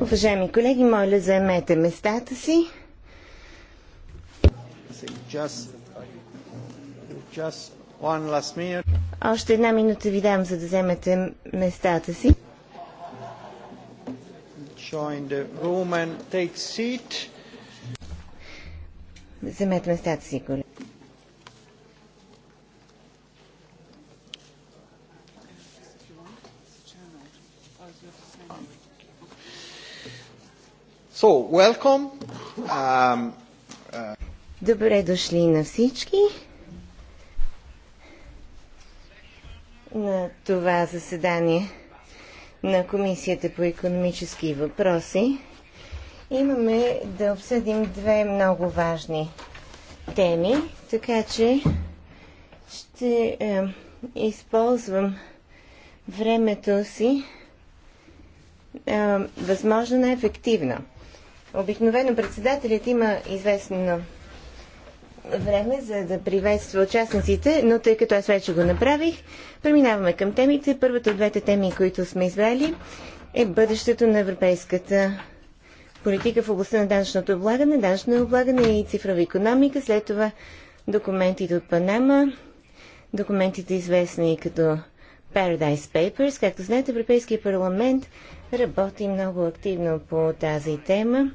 Уважаеми колеги, моля заемете местата си. Още една минута ви дам, за да вземете местата си. Вземете местата си, колеги. So, welcome. Um, uh... Добре дошли на всички на това заседание на Комисията по економически въпроси. Имаме да обсъдим две много важни теми, така че ще е, използвам времето си е, възможно най-ефективно. Обикновено председателят има известно време за да приветства участниците, но тъй като аз вече го направих, преминаваме към темите. Първата от двете теми, които сме избрали, е бъдещето на европейската политика в областта на данъчното облагане, данъчно облагане и цифрова економика. След това документите от Панама, документите известни като Paradise Papers. Както знаете, Европейския парламент работи много активно по тази тема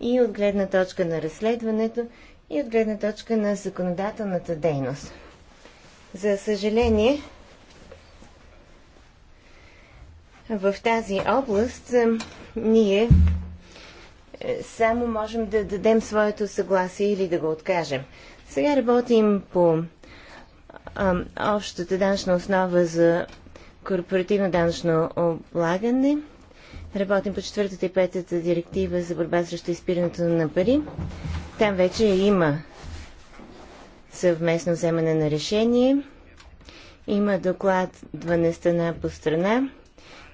и от гледна точка на разследването, и от гледна точка на законодателната дейност. За съжаление, в тази област е, ние е, само можем да дадем своето съгласие или да го откажем. Сега работим по а, общата данъчна основа за корпоративно данъчно облагане – Работим по четвъртата и петата директива за борба срещу изпирането на пари. Там вече има съвместно вземане на решение. Има доклад 12 страна по страна.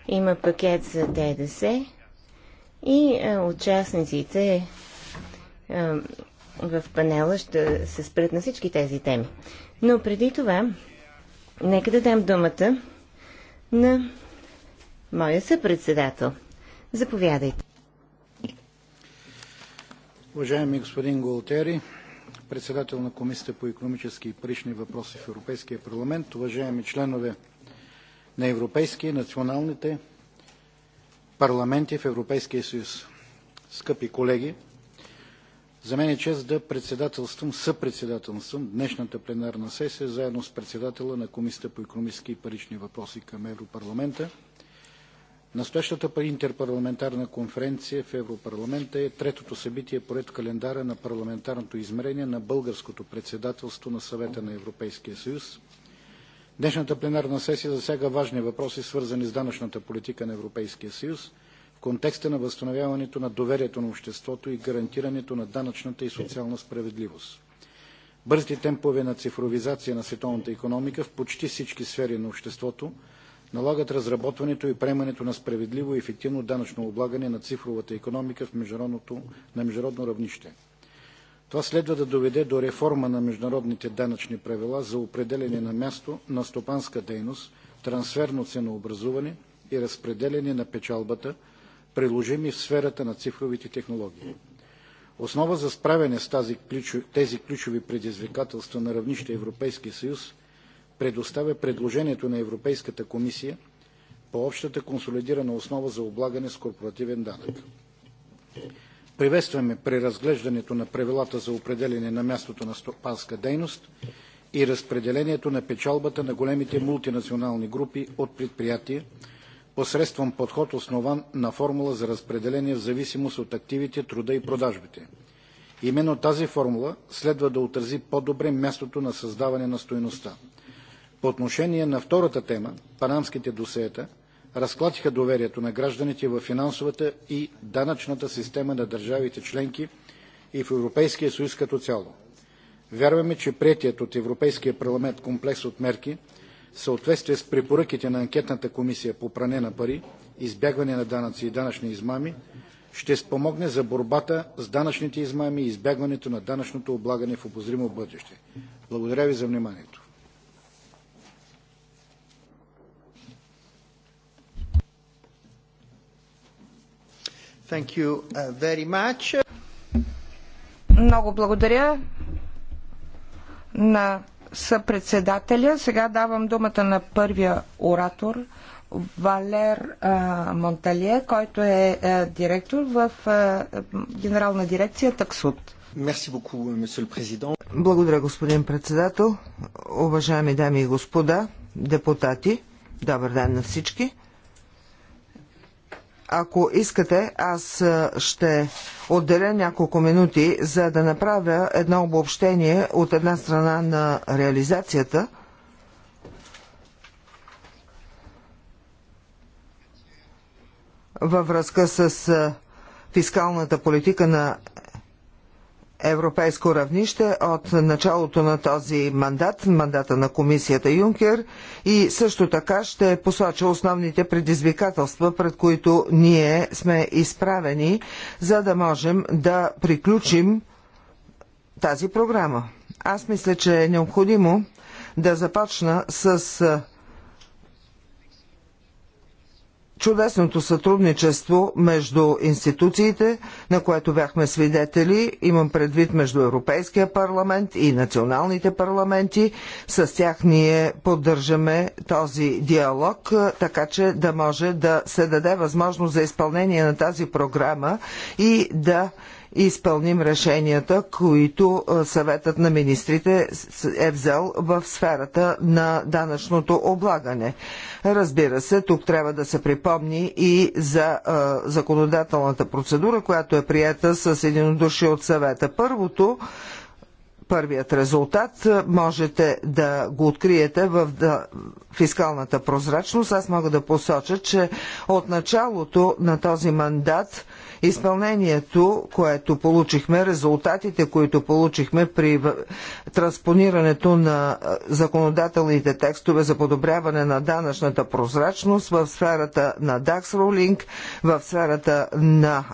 Има пакет за ДДС. И а, участниците а, в панела ще се спрат на всички тези теми. Но преди това, нека да дам думата на моя съпредседател – Заповядайте. Уважаеми господин Голтери, председател на Комисията по економически и парични въпроси в Европейския парламент, уважаеми членове на Европейския и националните парламенти в Европейския съюз, скъпи колеги, за мен е чест да председателствам, съпредседателствам днешната пленарна сесия заедно с председателя на Комисията по економически и парични въпроси към Европарламента – Настоящата интерпарламентарна конференция в Европарламента е третото събитие поред календара на парламентарното измерение на българското председателство на Съвета на Европейския съюз. Днешната пленарна сесия засяга важни въпроси, свързани с данъчната политика на Европейския съюз в контекста на възстановяването на доверието на обществото и гарантирането на данъчната и социална справедливост. Бързите темпове на цифровизация на световната економика в почти всички сфери на обществото – налагат разработването и приемането на справедливо и ефективно данъчно облагане на цифровата економика на международно равнище. Това следва да доведе до реформа на международните данъчни правила за определяне на място на стопанска дейност, трансферно ценообразуване и разпределяне на печалбата, приложими в сферата на цифровите технологии. Основа за справяне с тези ключови предизвикателства на равнище Европейски съюз предоставя предложението на Европейската комисия по общата консолидирана основа за облагане с корпоративен данък. Приветстваме преразглеждането на правилата за определяне на мястото на стопанска дейност и разпределението на печалбата на големите мултинационални групи от предприятия посредством подход основан на формула за разпределение в зависимост от активите, труда и продажбите. Именно тази формула следва да отрази по-добре мястото на създаване на стоеността. По отношение на втората тема – панамските досиета, разклатиха доверието на гражданите в финансовата и данъчната система на държавите членки и в Европейския съюз като цяло. Вярваме, че приетият от Европейския парламент комплекс от мерки в съответствие с препоръките на анкетната комисия по пране на пари, избягване на данъци и данъчни измами, ще спомогне за борбата с данъчните измами и избягването на данъчното облагане в обозримо бъдеще. Благодаря ви за вниманието. Thank you uh, very much. Много благодаря на съпредседателя. Сега давам думата на първия оратор Валер Монталие, който е, е директор в е, Генерална дирекция Таксуд. Благодаря, господин председател. Уважаеми дами и господа, депутати, добър ден на всички. Ако искате, аз ще отделя няколко минути, за да направя едно обобщение от една страна на реализацията. във връзка с фискалната политика на европейско равнище от началото на този мандат, мандата на комисията Юнкер и също така ще посоча основните предизвикателства, пред които ние сме изправени, за да можем да приключим тази програма. Аз мисля, че е необходимо да започна с чудесното сътрудничество между институциите, на което бяхме свидетели, имам предвид между Европейския парламент и националните парламенти. С тях ние поддържаме този диалог, така че да може да се даде възможност за изпълнение на тази програма и да изпълним решенията, които съветът на министрите е взел в сферата на данъчното облагане. Разбира се, тук трябва да се припомни и за законодателната процедура, която е приета с единодушие от съвета. Първото първият резултат. Можете да го откриете в фискалната прозрачност. Аз мога да посоча, че от началото на този мандат изпълнението, което получихме, резултатите, които получихме при транспонирането на законодателните текстове за подобряване на данъчната прозрачност в сферата на DAX Ruling, в сферата на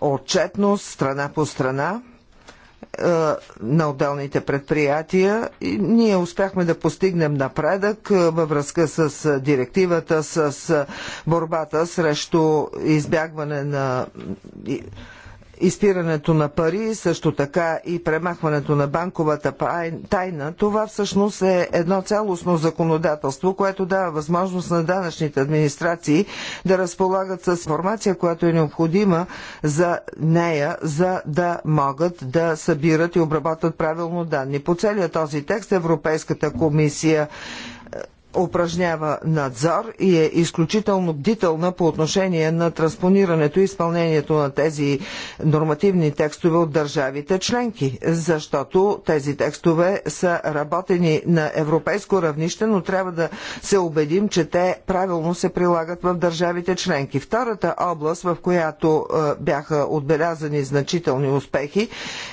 отчетност страна по страна. Е, на отделните предприятия. И ние успяхме да постигнем напредък е, във връзка с е, директивата, с борбата срещу избягване на изпирането на пари, също така и премахването на банковата тайна, това всъщност е едно цялостно законодателство, което дава възможност на данъчните администрации да разполагат с информация, която е необходима за нея, за да могат да събират и обработват правилно данни. По целия този текст Европейската комисия упражнява надзор и е изключително бдителна по отношение на транспонирането и изпълнението на тези нормативни текстове от държавите членки, защото тези текстове са работени на европейско равнище, но трябва да се убедим, че те правилно се прилагат в държавите членки. Втората област, в която е, бяха отбелязани значителни успехи,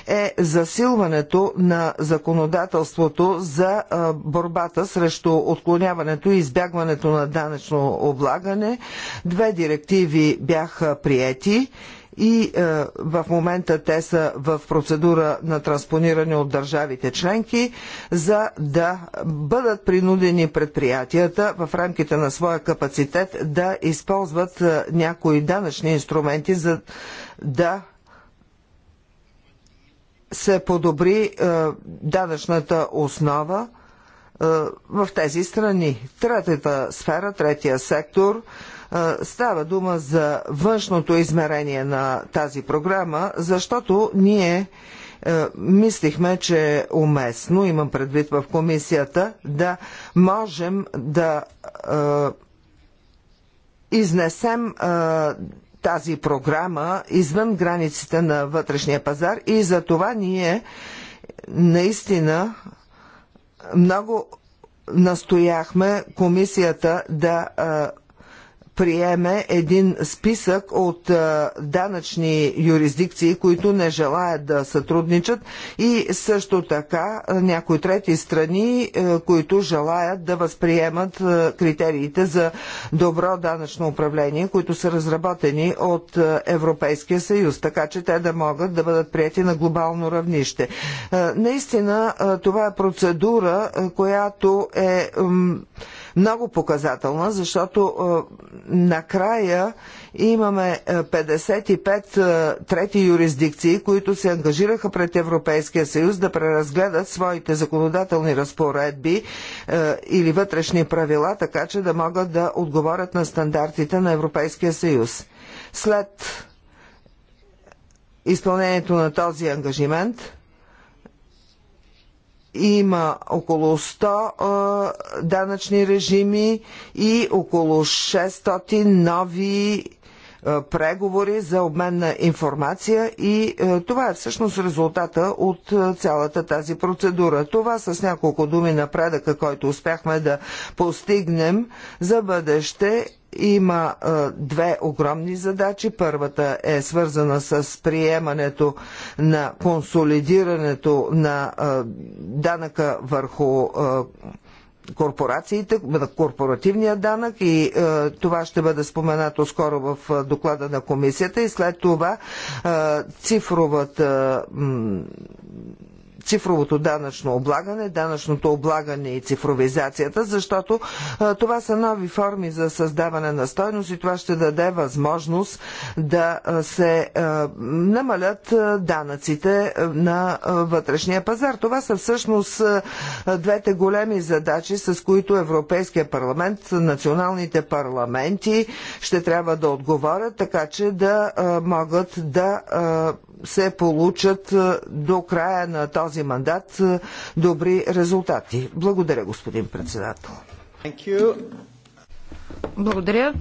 е засилването на законодателството за е, борбата срещу отклоняването накърняването и избягването на данъчно облагане. Две директиви бяха приети и е, в момента те са в процедура на транспониране от държавите членки, за да бъдат принудени предприятията в рамките на своя капацитет да използват е, някои данъчни инструменти, за да се подобри е, данъчната основа е, в тези страни. Третата сфера, третия сектор е, става дума за външното измерение на тази програма, защото ние е, мислихме, че е уместно, имам предвид в комисията, да можем да изнесем тази програма извън границите на вътрешния пазар и за това ние наистина много настояхме комисията да приеме един списък от данъчни юрисдикции, които не желаят да сътрудничат и също така някои трети страни, които желаят да възприемат критериите за добро данъчно управление, които са разработени от Европейския съюз, така че те да могат да бъдат прияти на глобално равнище. Наистина това е процедура, която е много показателна, защото накрая имаме 55 трети юрисдикции, които се ангажираха пред Европейския съюз да преразгледат своите законодателни разпоредби или вътрешни правила, така че да могат да отговорят на стандартите на Европейския съюз. След изпълнението на този ангажимент, има около 100 данъчни режими и около 600 нови е, преговори за обмен на информация и е, това е всъщност резултата от е, цялата тази процедура. Това с няколко думи напредъка, който успяхме да постигнем за бъдеще има две огромни задачи. Първата е свързана с приемането на консолидирането на данъка върху корпорациите, корпоративния данък и е, това ще бъде споменато скоро в е, доклада на комисията и след това е, цифровата цифровото данъчно облагане, данъчното облагане и цифровизацията, защото това са нови форми за създаване на стойност и това ще даде възможност да се намалят данъците на вътрешния пазар. Това са всъщност двете големи задачи, с които Европейския парламент, националните парламенти ще трябва да отговорят, така че да могат да се получат до края на този този мандат е, добри резултати. Благодаря, господин председател. Благодаря.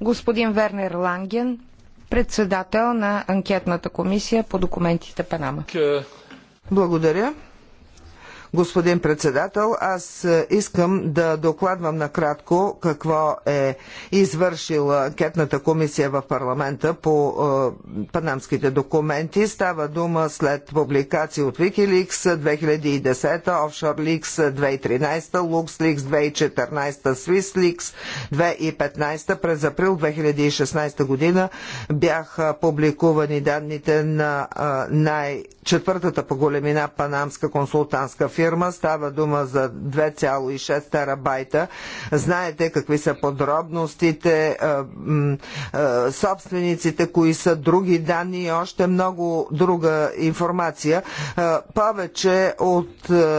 Господин Вернер Ланген, председател на анкетната комисия по документите Панама. Благодаря господин председател. Аз е, искам да докладвам накратко какво е извършила анкетната комисия в парламента по е, панамските документи. Става дума след публикации от Wikileaks 2010, Offshore Leaks 2013, LuxLeaks 2014, SwissLeaks 2015. През април 2016 година бяха публикувани данните на е, най-четвъртата по големина панамска консултантска фирма фирма. Става дума за 2,6 терабайта. Знаете какви са подробностите, е, е, собствениците, кои са други данни и още много друга информация. Е, повече от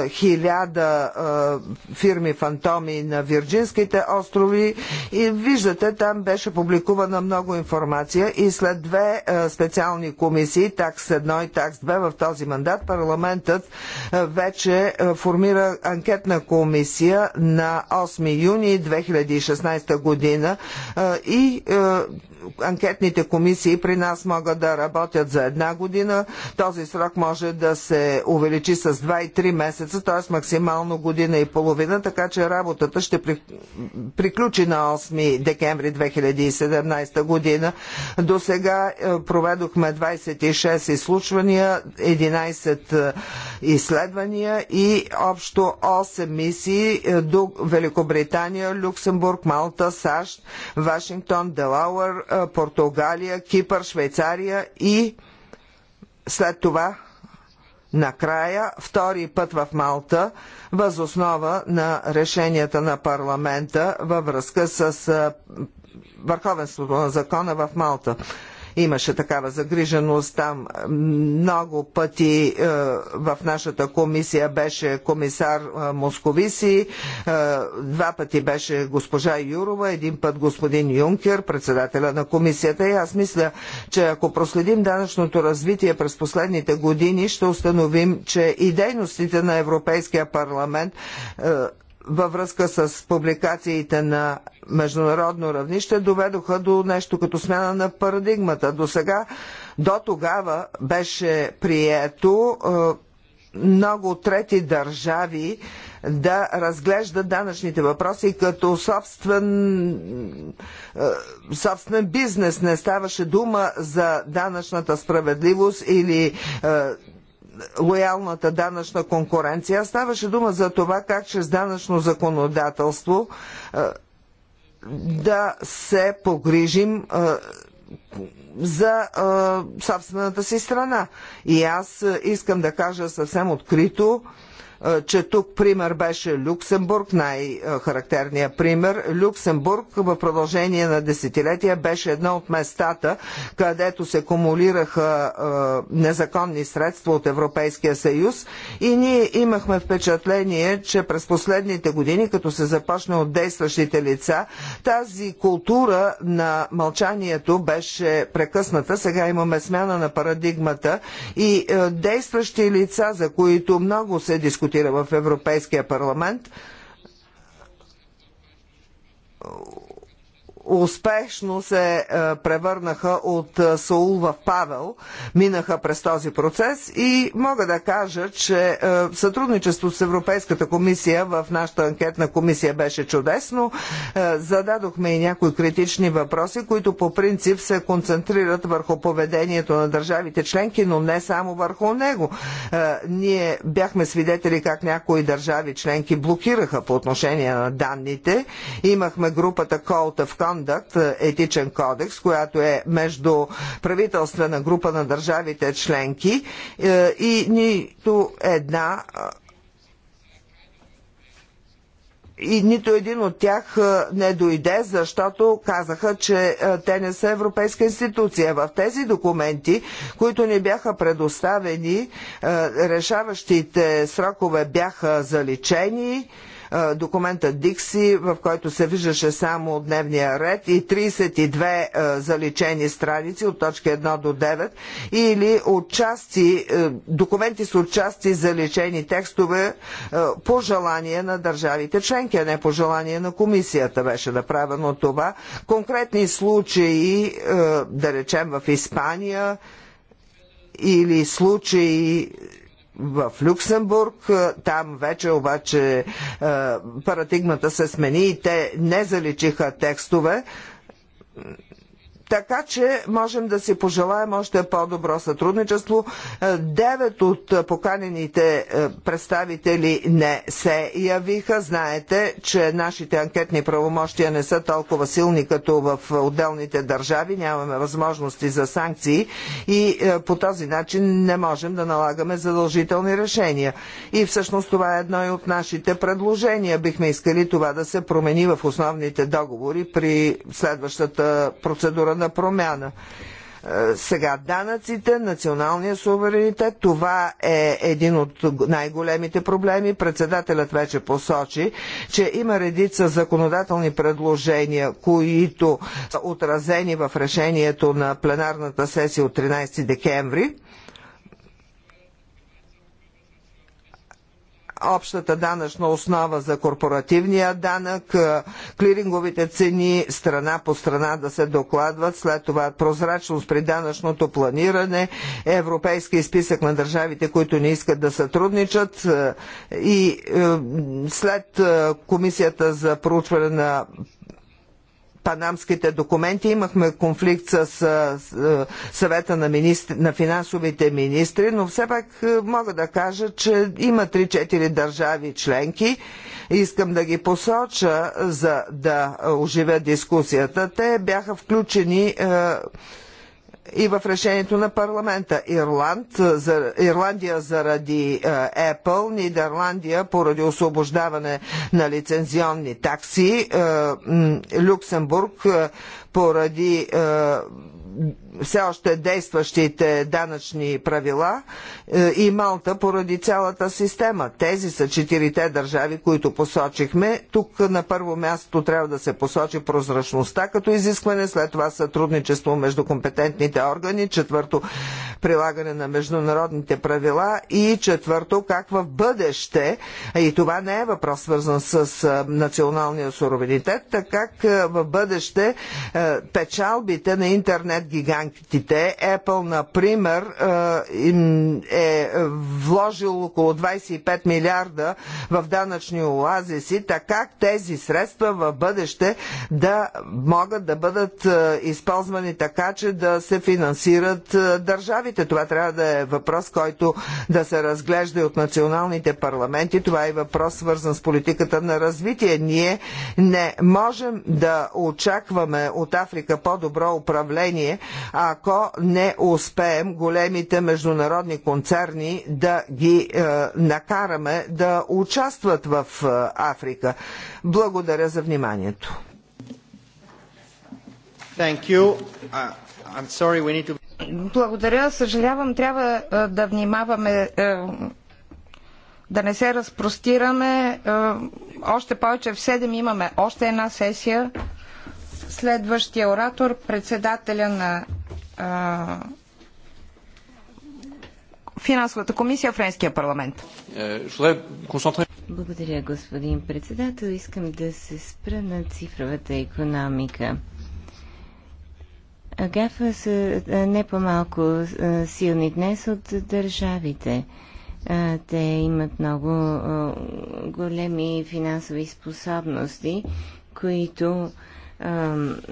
хиляда фирми фантоми на Вирджинските острови и виждате, там беше публикувана много информация и след две специални комисии, такс 1 и такс 2 в този мандат, парламентът вече е, формира анкетна комисия на 8 юни 2016 година е, и е, анкетните комисии при нас могат да работят за една година. Този срок може да се увеличи с 2 и 3 месеца, т.е. максимално година и половина, така че работата ще при... приключи на 8 декември 2017 година. До сега е, проведохме 26 изслушвания, 11 е, изследвания и общо 8 мисии е, до Великобритания, Люксембург, Малта, САЩ, Вашингтон, Делауър, Португалия, Кипър, Швейцария и след това накрая втори път в Малта възоснова на решенията на парламента във връзка с върховенството на закона в Малта. Имаше такава загриженост там. Много пъти е, в нашата комисия беше комисар е, Московиси, е, два пъти беше госпожа Юрова, един път господин Юнкер, председателя на комисията. И аз мисля, че ако проследим данъчното развитие през последните години, ще установим, че и дейностите на Европейския парламент във връзка с публикациите на международно равнище доведоха до нещо като смяна на парадигмата. До сега, до тогава беше прието е, много трети държави да разглеждат данъчните въпроси като собствен, е, собствен бизнес. Не ставаше дума за данъчната справедливост или е, лоялната данъчна конкуренция. Ставаше дума за това как чрез данъчно законодателство да се погрижим за собствената си страна. И аз искам да кажа съвсем открито, че тук пример беше Люксембург, най-характерният пример. Люксембург в продължение на десетилетия беше едно от местата, където се кумулираха незаконни средства от Европейския съюз и ние имахме впечатление, че през последните години, като се започна от действащите лица, тази култура на мълчанието беше прекъсната. Сега имаме смяна на парадигмата и действащи лица, за които много се дискутира, дискутира в Европейския парламент успешно се е, превърнаха от е, Саул в Павел, минаха през този процес и мога да кажа, че е, сътрудничество с Европейската комисия в нашата анкетна комисия беше чудесно. Зададохме и някои критични въпроси, които по принцип се концентрират върху поведението на държавите членки, но не само върху него. Ние бяхме свидетели как някои държави членки блокираха по отношение на данните. Имахме групата Call of Con Conduct, е, етичен кодекс, която е между правителствена група на държавите членки е, и нито една е, и нито един от тях не дойде, защото казаха, че те не са европейска институция. В тези документи, които ни бяха предоставени, решаващите срокове бяха заличени е, документа Дикси, в който се виждаше само дневния ред и 32 е, заличени страници от точки 1 до 9 или отчасти, е, документи с отчасти заличени текстове по желание на държавите членки, а не по желание на комисията беше направено това. Конкретни случаи, да речем в Испания, или случаи в Люксембург. Е, там вече обаче е, парадигмата се смени и те не заличиха текстове така че можем да си пожелаем още по-добро сътрудничество. Е, девет от поканените е, представители не се явиха. Знаете, че нашите анкетни правомощия не са толкова силни, като в отделните държави. Нямаме възможности за санкции и е, по този начин не можем да налагаме задължителни решения. И всъщност това е едно и от нашите предложения. Бихме искали това да се промени в основните договори при следващата процедура на промяна. Е, сега данъците, националния суверенитет, това е един от най-големите проблеми. Председателят вече посочи, че има редица законодателни предложения, които са отразени в решението на пленарната сесия от 13 декември. общата данъчна основа за корпоративния данък, е, клиринговите цени страна по страна да се докладват, след това прозрачност при данъчното планиране, европейски списък на държавите, които не искат да сътрудничат е, и е, след комисията за проучване на панамските документи. Имахме конфликт с, с, съвета на, министр, на финансовите министри, но все пак е, мога да кажа, че има 3-4 държави членки. Искам да ги посоча, за да е, оживя дискусията. Те бяха включени е, и в решението на парламента. Ирланд, за, Ирландия заради Apple, Нидерландия поради освобождаване на лицензионни такси, Люксембург поради все още действащите данъчни правила е, и Малта поради цялата система. Тези са четирите държави, които посочихме. Тук на първо място трябва да се посочи прозрачността като изискване, след това сътрудничество между компетентните органи, четвърто прилагане на международните правила и четвърто как в бъдеще, и това не е въпрос свързан с националния суровенитет, така как в бъдеще печалбите на интернет гигантите. Apple, например, е, е вложил около 25 милиарда в данъчни оазиси, така тези средства в бъдеще да могат да бъдат е, използвани така, че да се финансират е, държавите. Това трябва да е въпрос, който да се разглежда и от националните парламенти. Това е въпрос, свързан с политиката на развитие. Ние не можем да очакваме от Африка по-добро управление съжаление, ако не успеем големите международни концерни да ги е, накараме да участват в е, Африка. Благодаря за вниманието. Uh, to... Благодаря. Съжалявам, трябва е, да внимаваме е, да не се разпростираме. Е, още повече в 7 имаме още една сесия. Следващия оратор, председателя на а, финансовата комисия в Френския парламент. Е, Благодаря, господин председател. Искам да се спра на цифровата економика. Агафа са не по-малко силни днес от държавите. Те имат много големи финансови способности, които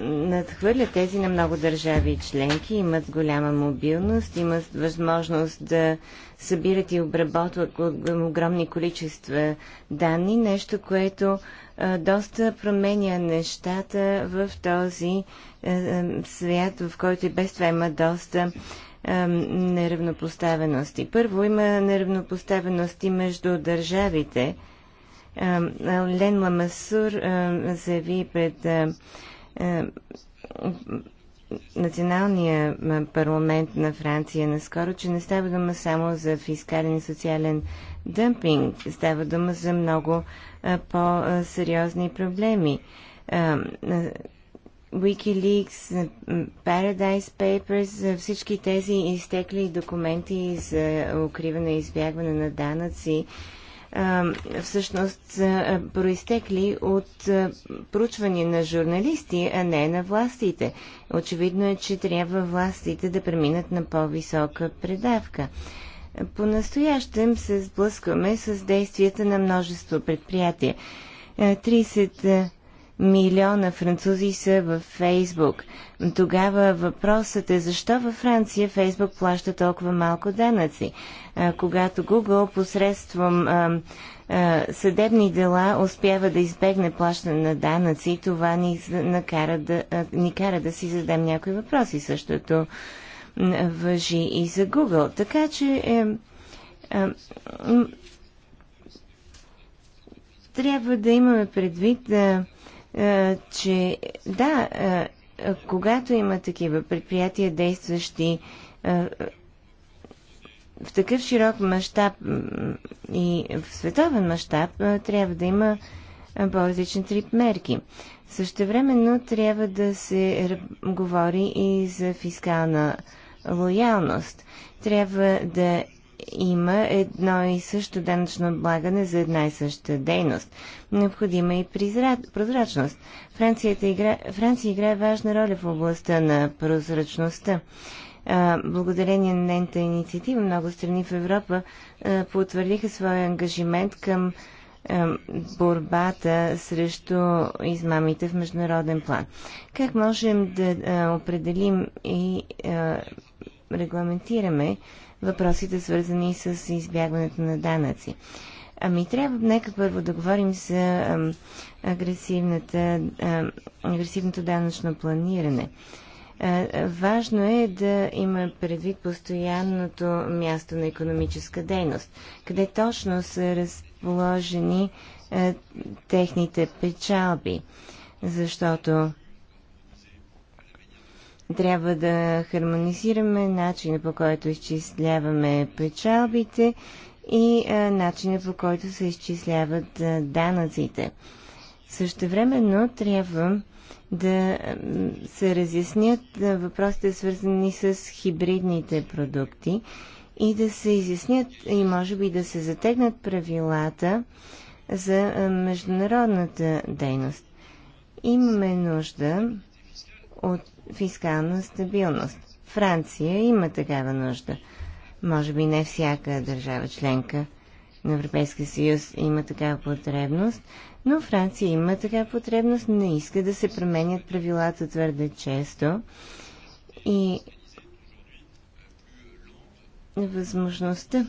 надхвърля тези на много държави и членки, имат голяма мобилност, имат възможност да събират и обработват огромни количества данни, нещо, което доста променя нещата в този свят, в който и без това има доста неравнопоставености. Първо има неравнопоставености между държавите, Лен Ламасур заяви пред националния парламент на Франция наскоро, че не става дума само за фискален и социален дъмпинг. Става дума за много по-сериозни проблеми. Wikileaks, Paradise Papers, всички тези изтекли документи за укриване и избягване на данъци всъщност са проистекли от проучвания на журналисти, а не на властите. Очевидно е, че трябва властите да преминат на по-висока предавка. По-настоящем се сблъскваме с действията на множество предприятия. 30 милиона французи са във Фейсбук. Тогава въпросът е защо във Франция Фейсбук плаща толкова малко данъци, а, когато Google посредством а, а, съдебни дела успява да избегне плащане на данъци, това ни, накара да, а, ни кара да си задам някои въпроси. Същото въжи и за Google. Така че е, е, трябва да имаме предвид да е, че да, е, когато има такива предприятия, действащи е, в такъв широк мащаб и в световен мащаб, трябва да има по различни трип мерки. Същевременно трябва да се говори и за фискална лоялност. Трябва да има едно и също данъчно облагане за една и съща дейност. Необходима е и прозрачност. Игра... Франция играе важна роля в областта на прозрачността. Благодарение на нейната инициатива много страни в Европа потвърдиха своя ангажимент към борбата срещу измамите в международен план. Как можем да определим и регламентираме въпросите, свързани с избягването на данъци. Ами трябва, нека първо да говорим за агресивната, агресивното данъчно планиране. А, важно е да има предвид постоянното място на економическа дейност, къде точно са разположени а, техните печалби, защото трябва да хармонизираме начина по който изчисляваме печалбите и начина по който се изчисляват данъците. Също времено трябва да се разяснят въпросите свързани с хибридните продукти и да се изяснят и може би да се затегнат правилата за международната дейност. Имаме нужда от фискална стабилност. Франция има такава нужда. Може би не всяка държава членка на Европейския съюз има такава потребност, но Франция има такава потребност, не иска да се променят правилата твърде често и възможността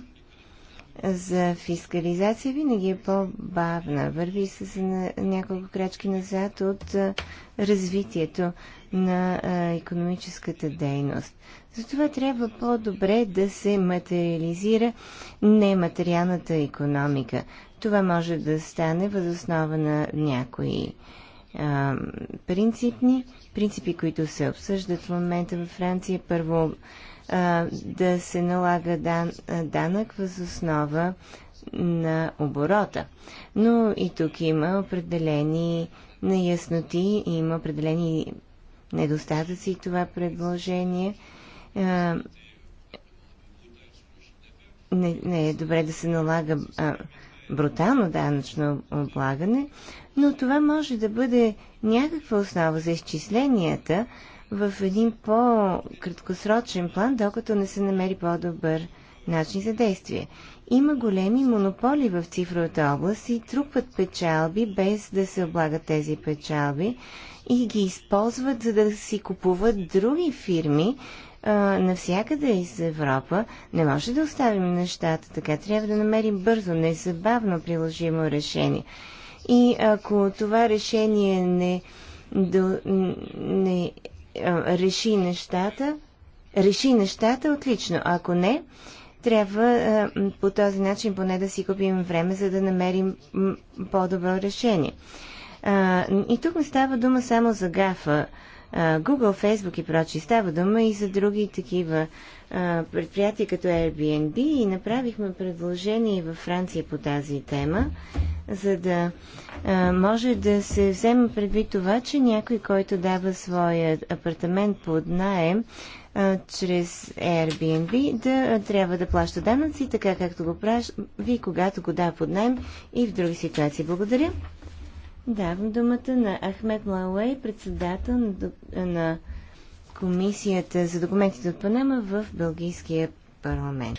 за фискализация винаги е по-бавна. Върви се за няколко крачки назад от развитието на економическата дейност. Затова трябва по-добре да се материализира нематериалната економика. Това може да стане възоснова на някои а, принципни принципи, които се обсъждат в момента във Франция. Първо а, да се налага дан, данък възоснова на оборота. Но и тук има определени неясноти, има определени недостатъци това предложение. Не, не е добре да се налага а, брутално данъчно облагане, но това може да бъде някаква основа за изчисленията в един по-краткосрочен план, докато не се намери по-добър начин за действие. Има големи монополи в цифровата област и трупат печалби без да се облагат тези печалби и ги използват, за да си купуват други фирми а, навсякъде из Европа. Не може да оставим нещата така. Трябва да намерим бързо, незабавно приложимо решение. И ако това решение не, до, не а, реши нещата, реши нещата, отлично. Ако не, трябва а, по този начин поне да си купим време, за да намерим по-добро решение. А, и тук не става дума само за гафа. А, Google, Facebook и прочи. Става дума и за други такива а, предприятия като Airbnb и направихме предложение във Франция по тази тема, за да а, може да се вземе предвид това, че някой, който дава своя апартамент под наем, чрез Airbnb да трябва да плаща данъци, така както го прави, когато го дава под найм и в други ситуации. Благодаря. Давам думата на Ахмед Малай, председател на Комисията за документите от Панама в Белгийския парламент.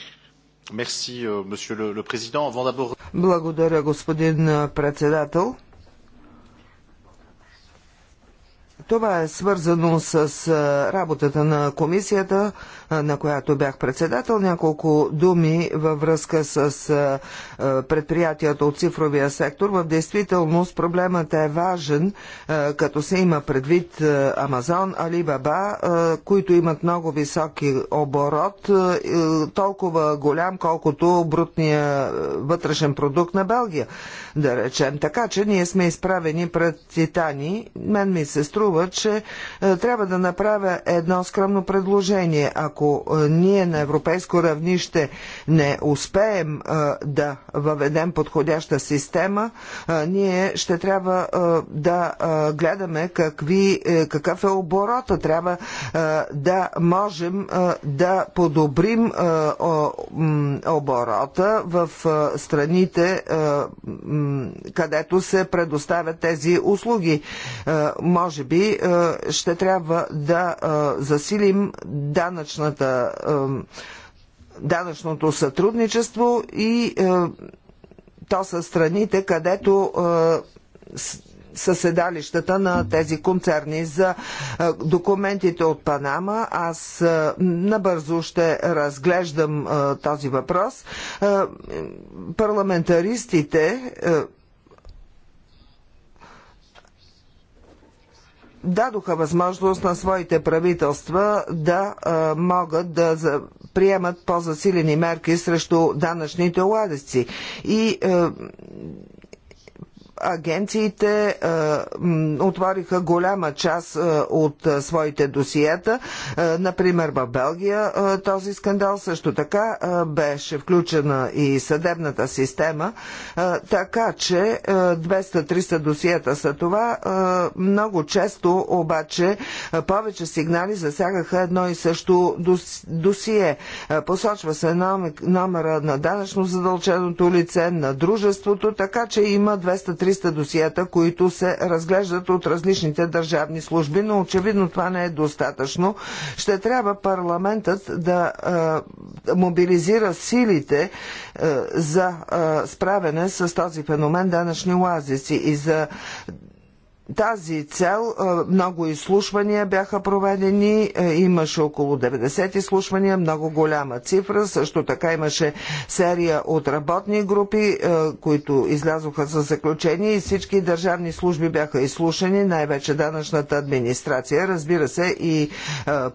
Euh, Благодаря, господин председател. Това е свързано с работата на комисията на която бях председател. Няколко думи във връзка с предприятията от цифровия сектор. В действителност проблемът е важен, като се има предвид Амазон, Алибаба, които имат много високи оборот, толкова голям, колкото брутния вътрешен продукт на Белгия, да речем. Така че ние сме изправени пред титани. Мен ми се струва, че трябва да направя едно скромно предложение. Ако ако е, ние на европейско равнище не успеем е, да въведем подходяща система, е, ние ще трябва да гледаме какви, какъв е оборота. Трябва да можем да подобрим оборота в страните, където се предоставят тези услуги. Може би ще трябва да засилим данъчната данъчната данъчното сътрудничество и е, то са страните, където е, са седалищата на тези концерни. За е, документите от Панама аз е, набързо ще разглеждам е, този въпрос. Парламентаристите дадоха възможност на своите правителства да а, могат да за, приемат по-засилени мерки срещу данъчните оладеци. И а, агенциите е, отвориха голяма част е, от е, своите досиета. Например, в Белгия този скандал също така беше включена и съдебната система, така че 200-300 досиета са това. Много често обаче повече сигнали засягаха едно и също досие. Посочва се номера на данъчно задълченото лице, на дружеството, така че има 200 300 досията, които се разглеждат от различните държавни служби, но очевидно това не е достатъчно. Ще трябва парламентът да е, мобилизира силите е, за е, справяне с този феномен данъчни оазици и за тази цел много изслушвания бяха проведени, е, имаше около 90 изслушвания, много голяма цифра, също така имаше серия от работни групи, е, които излязоха за заключение и всички държавни служби бяха изслушани, най-вече данъчната администрация, разбира се и е,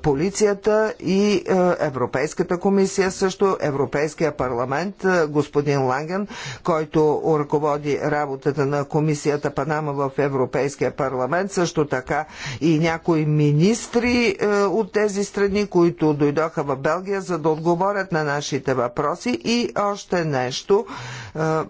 полицията и Европейската комисия, също Европейския парламент, господин Ланген, който ръководи работата на комисията Панама в Европейския Европейския парламент, също така и някои министри е, от тези страни, които дойдоха в Белгия, за да отговорят на нашите въпроси. И още нещо. Е,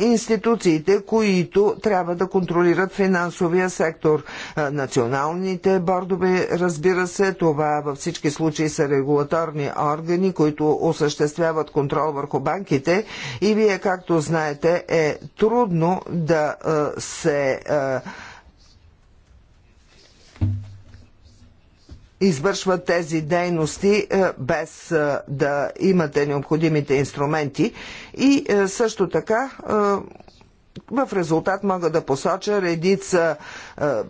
институциите, които трябва да контролират финансовия сектор. Националните бордове, разбира се, това във всички случаи са регулаторни органи, които осъществяват контрол върху банките и вие, както знаете, е трудно да се извършват тези дейности е, без е, да имате необходимите инструменти и е, също така в резултат мога да посоча редица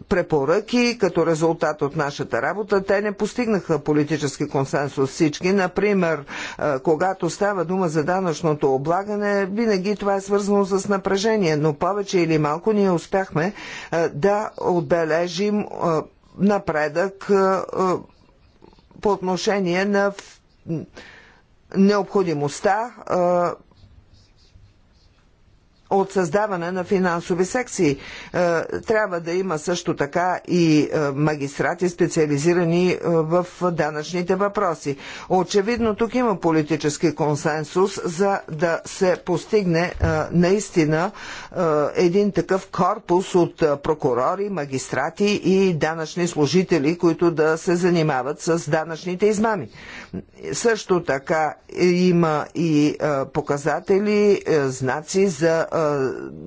препоръки като резултат от нашата работа. Те не постигнаха политически консенсус всички. Например, когато става дума за данъчното облагане, винаги това е свързано с напрежение, но повече или малко ние успяхме да отбележим напредък по отношение на необходимостта от създаване на финансови секции. Е, трябва да има също така и е, магистрати, специализирани е, в данъчните въпроси. Очевидно тук има политически консенсус, за да се постигне наистина един такъв корпус от прокурори, магистрати и данъчни служители, които да се занимават с данъчните измами. Също така има и показатели, е, знаци за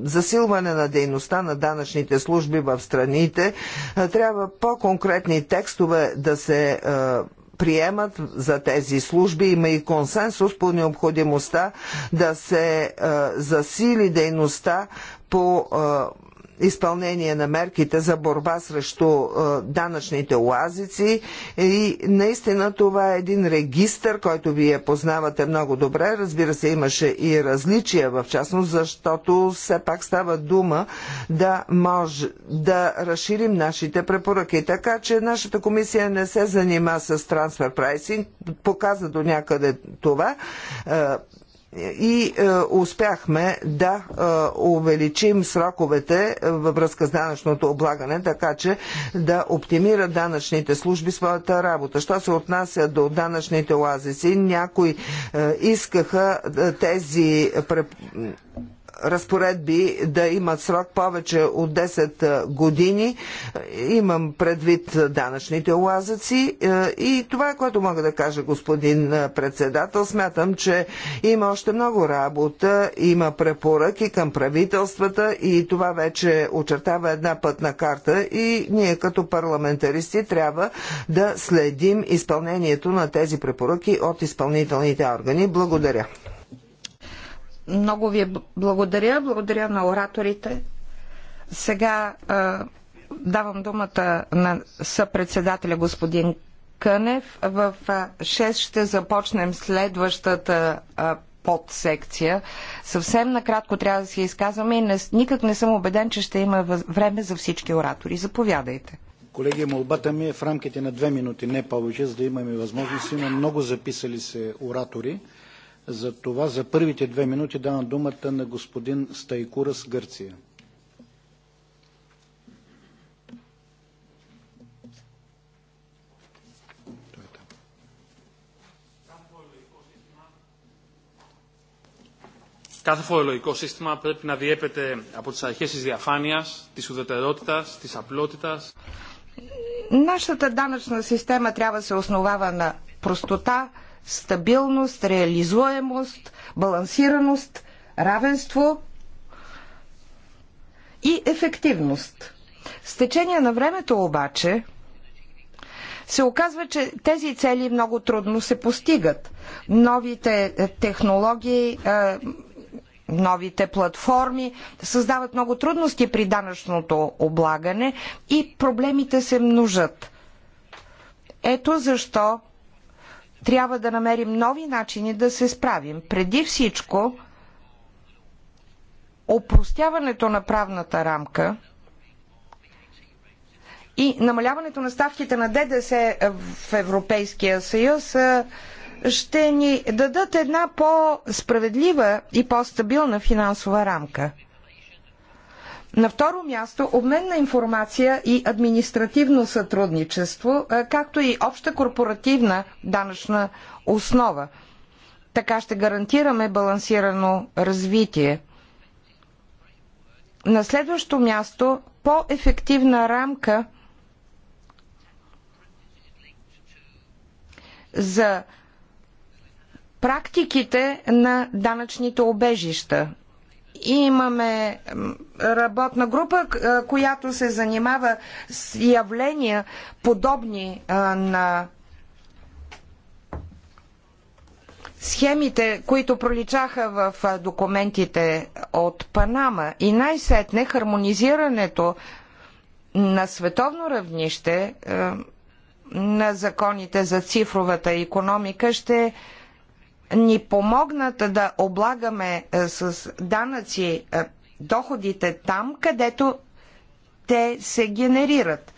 засилване на дейността на данъчните служби в страните. Трябва по-конкретни текстове да се приемат за тези служби. Има и консенсус по необходимостта да се засили дейността по изпълнение на мерките за борба срещу е, данъчните оазици и наистина това е един регистър, който вие познавате много добре. Разбира се, имаше и различия в частност, защото все пак става дума да може да разширим нашите препоръки. Така че нашата комисия не се занима с трансфер прайсинг, показа до някъде това е, и е, успяхме да е, увеличим сроковете във връзка с данъчното облагане, така че да оптимират данъчните служби своята работа. Що се отнася до данъчните оазиси, някои е, искаха е, тези разпоредби да имат срок повече от 10 години. Имам предвид данъчните оазъци и това е което мога да кажа, господин председател. Смятам, че има още много работа, има препоръки към правителствата и това вече очертава една пътна карта и ние като парламентаристи трябва да следим изпълнението на тези препоръки от изпълнителните органи. Благодаря. Много ви благодаря. Благодаря на ораторите. Сега а, давам думата на съпредседателя господин Кънев. В 6 ще започнем следващата а, подсекция. Съвсем накратко трябва да се изказваме и не, никак не съм убеден, че ще има време за всички оратори. Заповядайте. Колеги, молбата ми е в рамките на две минути, не повече, за да имаме възможност. Има много записали се оратори. За това за първите две минути давам думата на господин Стайкурас, Гърция. Κάθε φορολογικό σύστημα πρέπει να διέπεται από τις αρχές της διαφάνειας, της ουδετερότητας, της απλότητας. Нашата данъчна система трябва да се основава на простота, стабилност, реализуемост, балансираност, равенство и ефективност. С течение на времето обаче се оказва, че тези цели много трудно се постигат. Новите е, технологии, е, новите платформи създават много трудности при данъчното облагане и проблемите се множат. Ето защо трябва да намерим нови начини да се справим. Преди всичко, опростяването на правната рамка и намаляването на ставките на ДДС в Европейския съюз ще ни дадат една по-справедлива и по-стабилна финансова рамка. На второ място, обмен на информация и административно сътрудничество, е, както и обща корпоративна данъчна основа. Така ще гарантираме балансирано развитие. На следващо място, по-ефективна рамка за практиките на данъчните обежища, имаме работна група, която се занимава с явления подобни на схемите, които проличаха в документите от Панама. И най-сетне хармонизирането на световно равнище на законите за цифровата економика ще ни помогнат да облагаме е, с данъци е, доходите там, където те се генерират.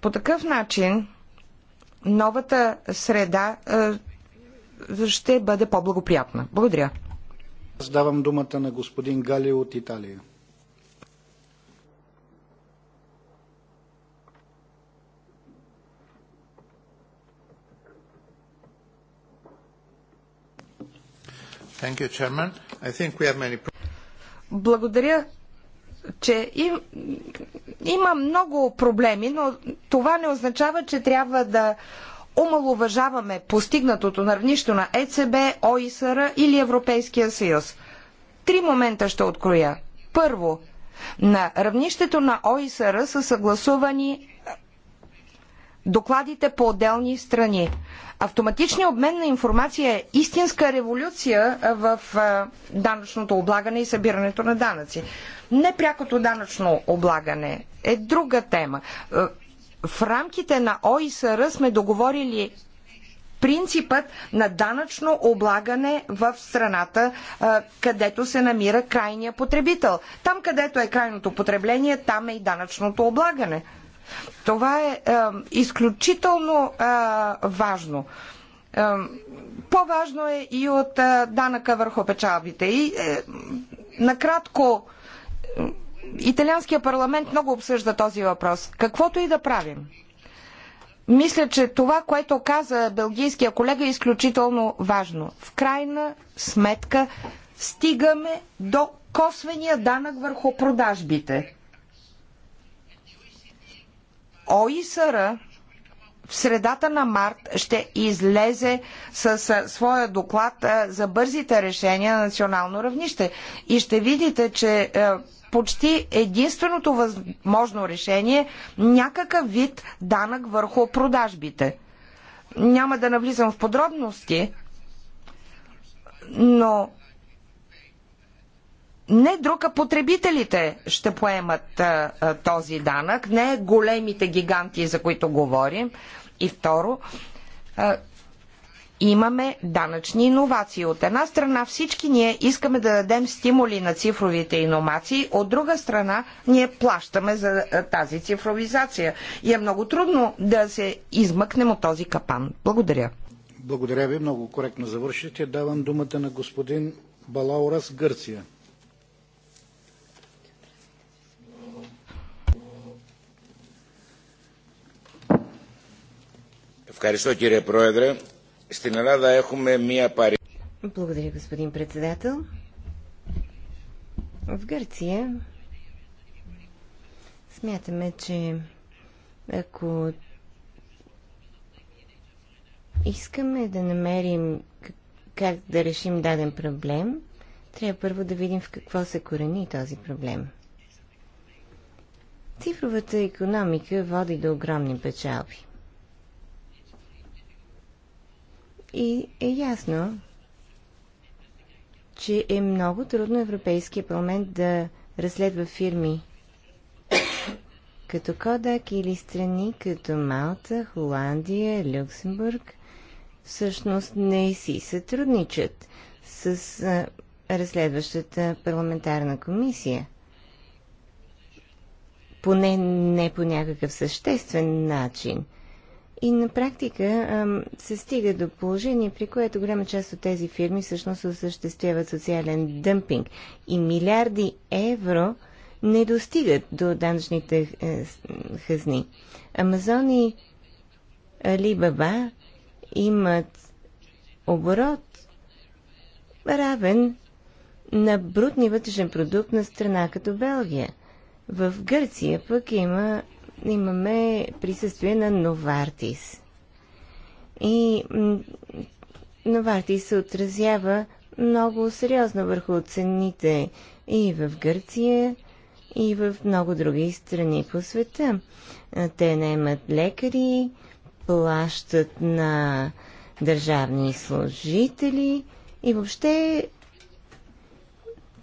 По такъв начин новата среда е, ще бъде по-благоприятна. Благодаря. Давам думата на господин Гали от Италия. You, many... Благодаря, че им, има много проблеми, но това не означава, че трябва да омалуважаваме постигнатото на равнището на ЕЦБ, ОИСР или Европейския съюз. Три момента ще откроя. Първо, на равнището на ОИСР са съгласувани докладите по отделни страни. Автоматичният обмен на информация е истинска революция в данъчното облагане и събирането на данъци. Непрякото данъчно облагане е друга тема. В рамките на ОИСР сме договорили принципът на данъчно облагане в страната, където се намира крайния потребител. Там, където е крайното потребление, там е и данъчното облагане. Това е, е изключително е, важно. Е, по-важно е и от е, данъка върху печалбите. И е, накратко, италианския парламент много обсъжда този въпрос. Каквото и да правим. Мисля, че това, което каза белгийския колега, е изключително важно. В крайна сметка стигаме до косвения данък върху продажбите. ОИСР в средата на март ще излезе с своя доклад за бързите решения на национално равнище. И ще видите, че почти единственото възможно решение някакъв вид данък върху продажбите. Няма да навлизам в подробности, но не друг, а потребителите ще поемат а, а, този данък, не големите гиганти, за които говорим. И второ, а, имаме данъчни иновации. От една страна всички ние искаме да дадем стимули на цифровите иновации, от друга страна ние плащаме за тази цифровизация. И е много трудно да се измъкнем от този капан. Благодаря. Благодаря ви, много коректно завършите. Давам думата на господин Балаурас Гърция. Ευχαριστώ κύριε Πρόεδρε. Στην Ελλάδα έχουμε μία παρή... Благодаря, господин председател. В Гърция смятаме, че ако искаме да намерим как да решим даден проблем, трябва първо да видим в какво се корени този проблем. Цифровата економика води до огромни печалби. И е ясно, че е много трудно Европейския парламент да разследва фирми като Кодак или страни като Малта, Холандия, Люксембург, всъщност не си сътрудничат с а, разследващата парламентарна комисия. Поне не по някакъв съществен начин – и на практика се стига до положение, при което голяма част от тези фирми всъщност осъществяват социален дъмпинг. И милиарди евро не достигат до данъчните е, хазни. Амазон и Алибаба имат оборот равен на брутния вътрешен продукт на страна като Белгия. В Гърция пък има имаме присъствие на Новартис. И Новартис се отразява много сериозно върху цените и в Гърция, и в много други страни по света. Те наймат лекари, плащат на държавни служители и въобще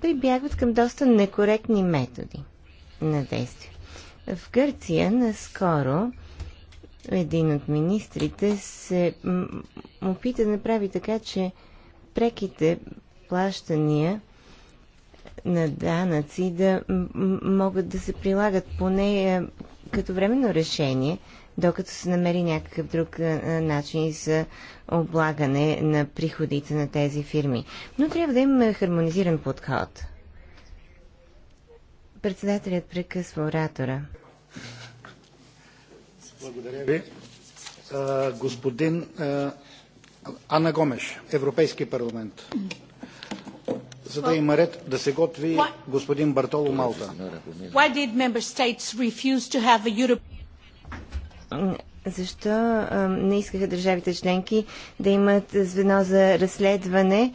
прибягват към доста некоректни методи на действие. В Гърция наскоро един от министрите се опита да направи така, че преките плащания на данъци да могат да се прилагат поне като временно решение, докато се намери някакъв друг начин за облагане на приходите на тези фирми. Но трябва да имаме хармонизиран подход. Председателят прекъсва оратора. Благодаря ви. Господин Ана Гомеш, Европейски парламент. За да има ред да се готви господин Бартоло Малта. Защо не искаха държавите членки да имат звено за разследване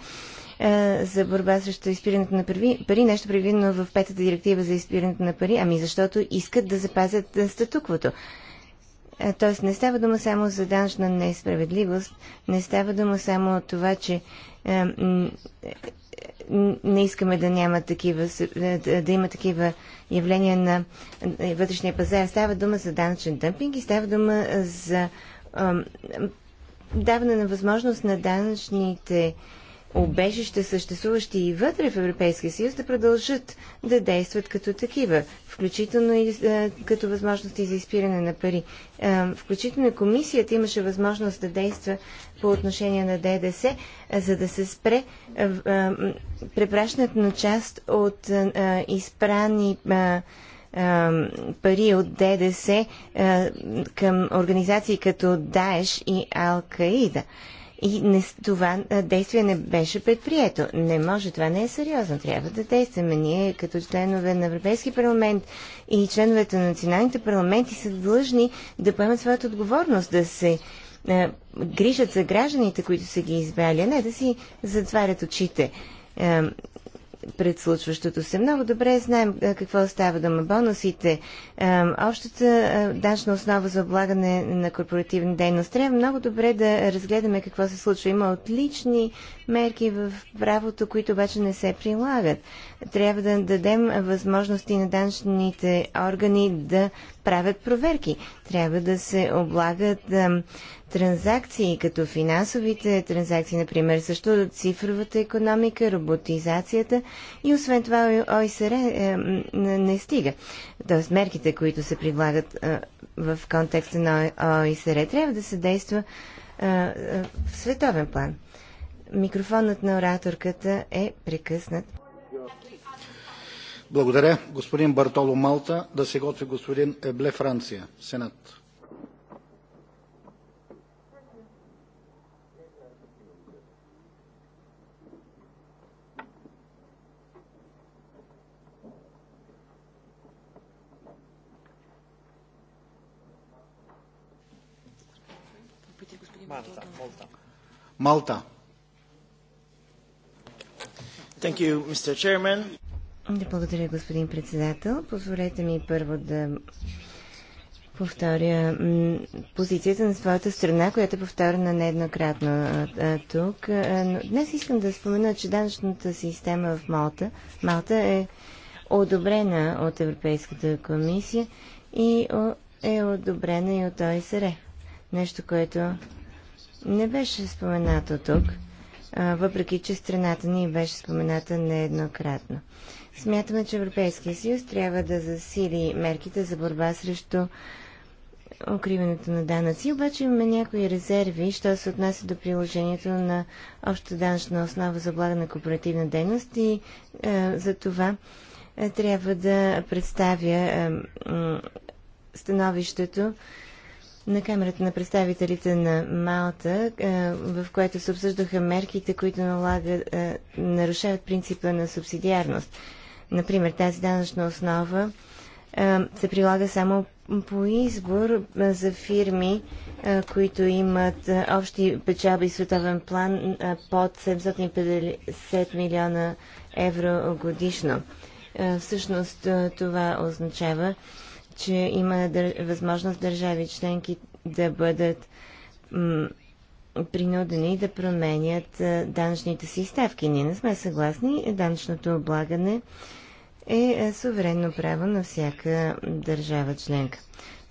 е, за борба срещу изпирането на пари, нещо предвидено в петата директива за изпирането на пари, ами защото искат да запазят е, статуквото. Е, тоест не става дума само за данъчна несправедливост, не става дума само от това, че не искаме да няма такива, да има такива явления на вътрешния пазар. Става дума за данъчен дъмпинг и става дума за даване на възможност на данъчните Обежище, съществуващи и вътре в Европейския съюз, да продължат да действат като такива, включително и а, като възможности за изпиране на пари. А, включително комисията имаше възможност да действа по отношение на ДДС, а, за да се спре препращането на част от изпрани пари от ДДС към организации като Даеш и Ал-Каида и не, това действие не беше предприето. Не може, това не е сериозно. Трябва да действаме. Ние като членове на Европейски парламент и членовете на националните парламенти са длъжни да поемат своята отговорност, да се е, грижат за гражданите, които са ги избрали, а не да си затварят очите. Е, пред случващото се. Много добре знаем какво става дома Бонусите, общата данчна основа за облагане на корпоративна дейност. Трябва много добре да разгледаме какво се случва. Има отлични мерки в правото, които обаче не се прилагат. Трябва да дадем възможности на данъчните органи да правят проверки. Трябва да се облагат транзакции, като финансовите транзакции, например, също цифровата економика, роботизацията и освен това ОИСР е, не стига. Тоест мерките, които се прилагат е, в контекста на ОИСР, трябва да се действа е, в световен план. Микрофонът на ораторката е прекъснат. Благодаря. Господин Бартоло Малта, да се готви господин Ебле Франция, Сенат. Malta. Malta. Malta. Thank you, Mr. Chairman. Да благодаря, господин председател. Позволете ми първо да повторя позицията на своята страна, която е повторена нееднократно тук. Но днес искам да спомена, че данъчната система в Малта, Малта е одобрена от Европейската комисия и е одобрена и от ОСР. Нещо, което не беше споменато тук, въпреки че страната ни беше спомената нееднократно. Смятаме, че Европейския съюз трябва да засили мерките за борба срещу укриването на данъци, обаче имаме някои резерви, що се отнася до приложението на общо данъчна основа за блага на корпоративна дейност и е, за това е, трябва да представя е, становището на Камерата на представителите на Малта, е, в което се обсъждаха мерките, които налага, е, нарушават принципа на субсидиарност. Например, тази данъчна основа е, се прилага само по избор за фирми, които имат общи печалби и световен план под 750 милиона евро годишно. Всъщност това означава, че има възможност държави членки да бъдат принудени да променят данъчните си ставки. Ние не сме съгласни. Данъчното облагане е суверенно право на всяка държава членка.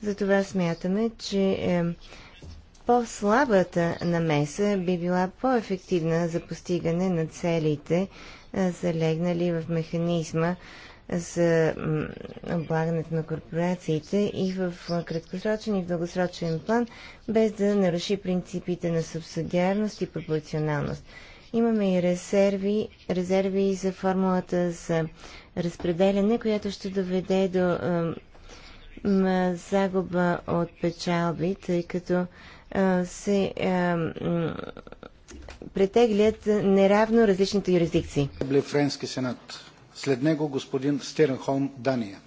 Затова смятаме, че е, по-слабата намеса би била по-ефективна за постигане на целите, е, залегнали в механизма за облагането на корпорациите и в краткосрочен и дългосрочен план, без да наруши принципите на субсидиарност и пропорционалност. Имаме и резерви, резерви за формулата за разпределяне, която ще доведе до а, загуба от печалби, тъй като а, се е, претеглят неравно различните юрисдикции. Френски сенат. След него господин Стеренхолм, Дания.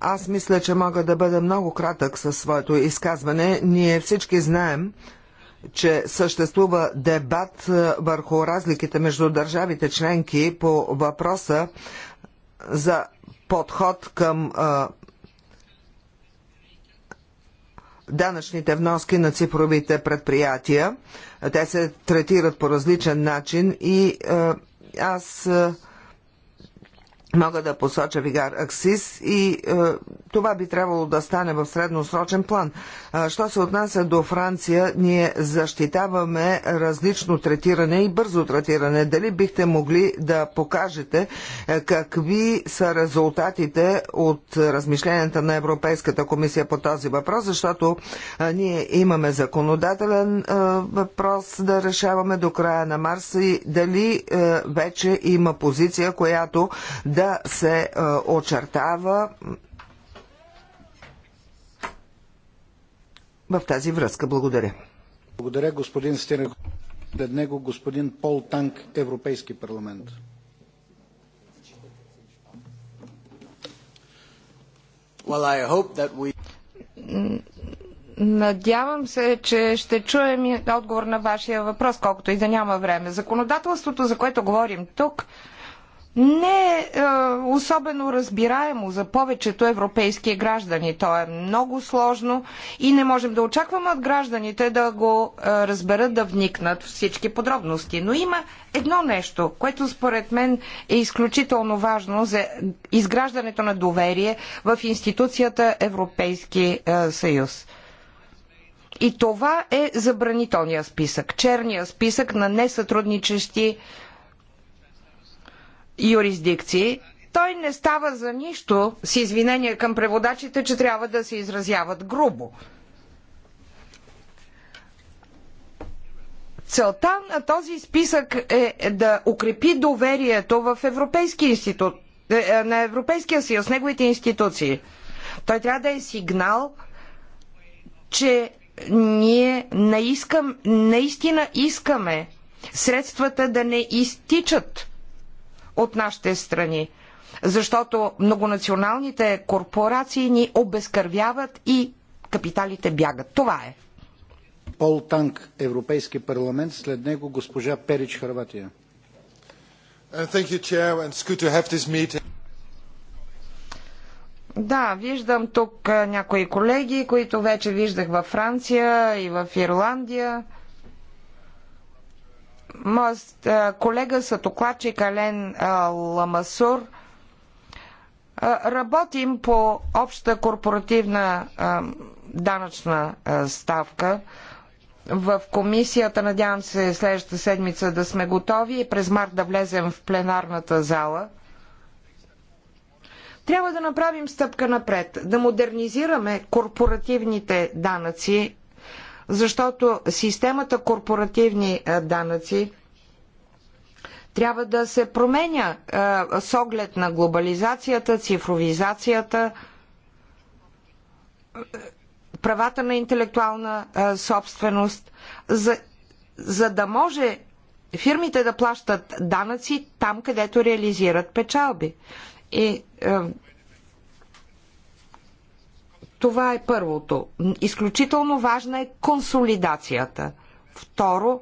Аз мисля, че мога да бъда много кратък със своето изказване. Ние всички знаем, че съществува дебат е, върху разликите между държавите членки по въпроса за подход към е, данъчните вноски на цифровите предприятия. Те се третират по различен начин и е, аз е, Мога да посоча Вигар Аксис и е, това би трябвало да стане в средносрочен план. Е, що се отнася до Франция, ние защитаваме различно третиране и бързо третиране. Дали бихте могли да покажете е, какви са резултатите от размишленията на Европейската комисия по този въпрос, защото е, ние имаме законодателен е, въпрос да решаваме до края на Марс и дали е, вече има позиция, която да да се е, очертава в тази връзка. Благодаря. Благодаря, господин Стирен. След него господин Пол Танк, Европейски парламент. Well, I hope that we... Надявам се, че ще чуем отговор на вашия въпрос, колкото и да няма време. Законодателството, за което говорим тук, не е, е, особено разбираемо за повечето европейски граждани. То е много сложно и не можем да очакваме от гражданите да го е, разберат, да вникнат всички подробности. Но има едно нещо, което според мен е изключително важно за изграждането на доверие в институцията Европейски е, съюз. И това е забранителният списък, черния списък на несътрудничещи юрисдикции, той не става за нищо, с извинение към преводачите, че трябва да се изразяват грубо. Целта на този списък е да укрепи доверието в Европейски институт, е, е, на Европейския съюз, неговите институции. Той трябва да е сигнал, че ние наискам, наистина искаме средствата да не изтичат от нашите страни, защото многонационалните корпорации ни обезкървяват и капиталите бягат. Това е. Пол Танк, Европейски парламент, след него госпожа Перич, Харватия. Да, виждам тук uh, някои колеги, които вече виждах във Франция и в Ирландия моят колега Сатоклачик Ален Ламасур работим по обща корпоративна данъчна ставка в комисията. Надявам се следващата седмица да сме готови и през март да влезем в пленарната зала. Трябва да направим стъпка напред, да модернизираме корпоративните данъци защото системата корпоративни е, данъци трябва да се променя е, с оглед на глобализацията, цифровизацията, е, правата на интелектуална собственост, за, за да може фирмите да плащат данъци там, където реализират печалби. И това е първото. Изключително важна е консолидацията. Второ,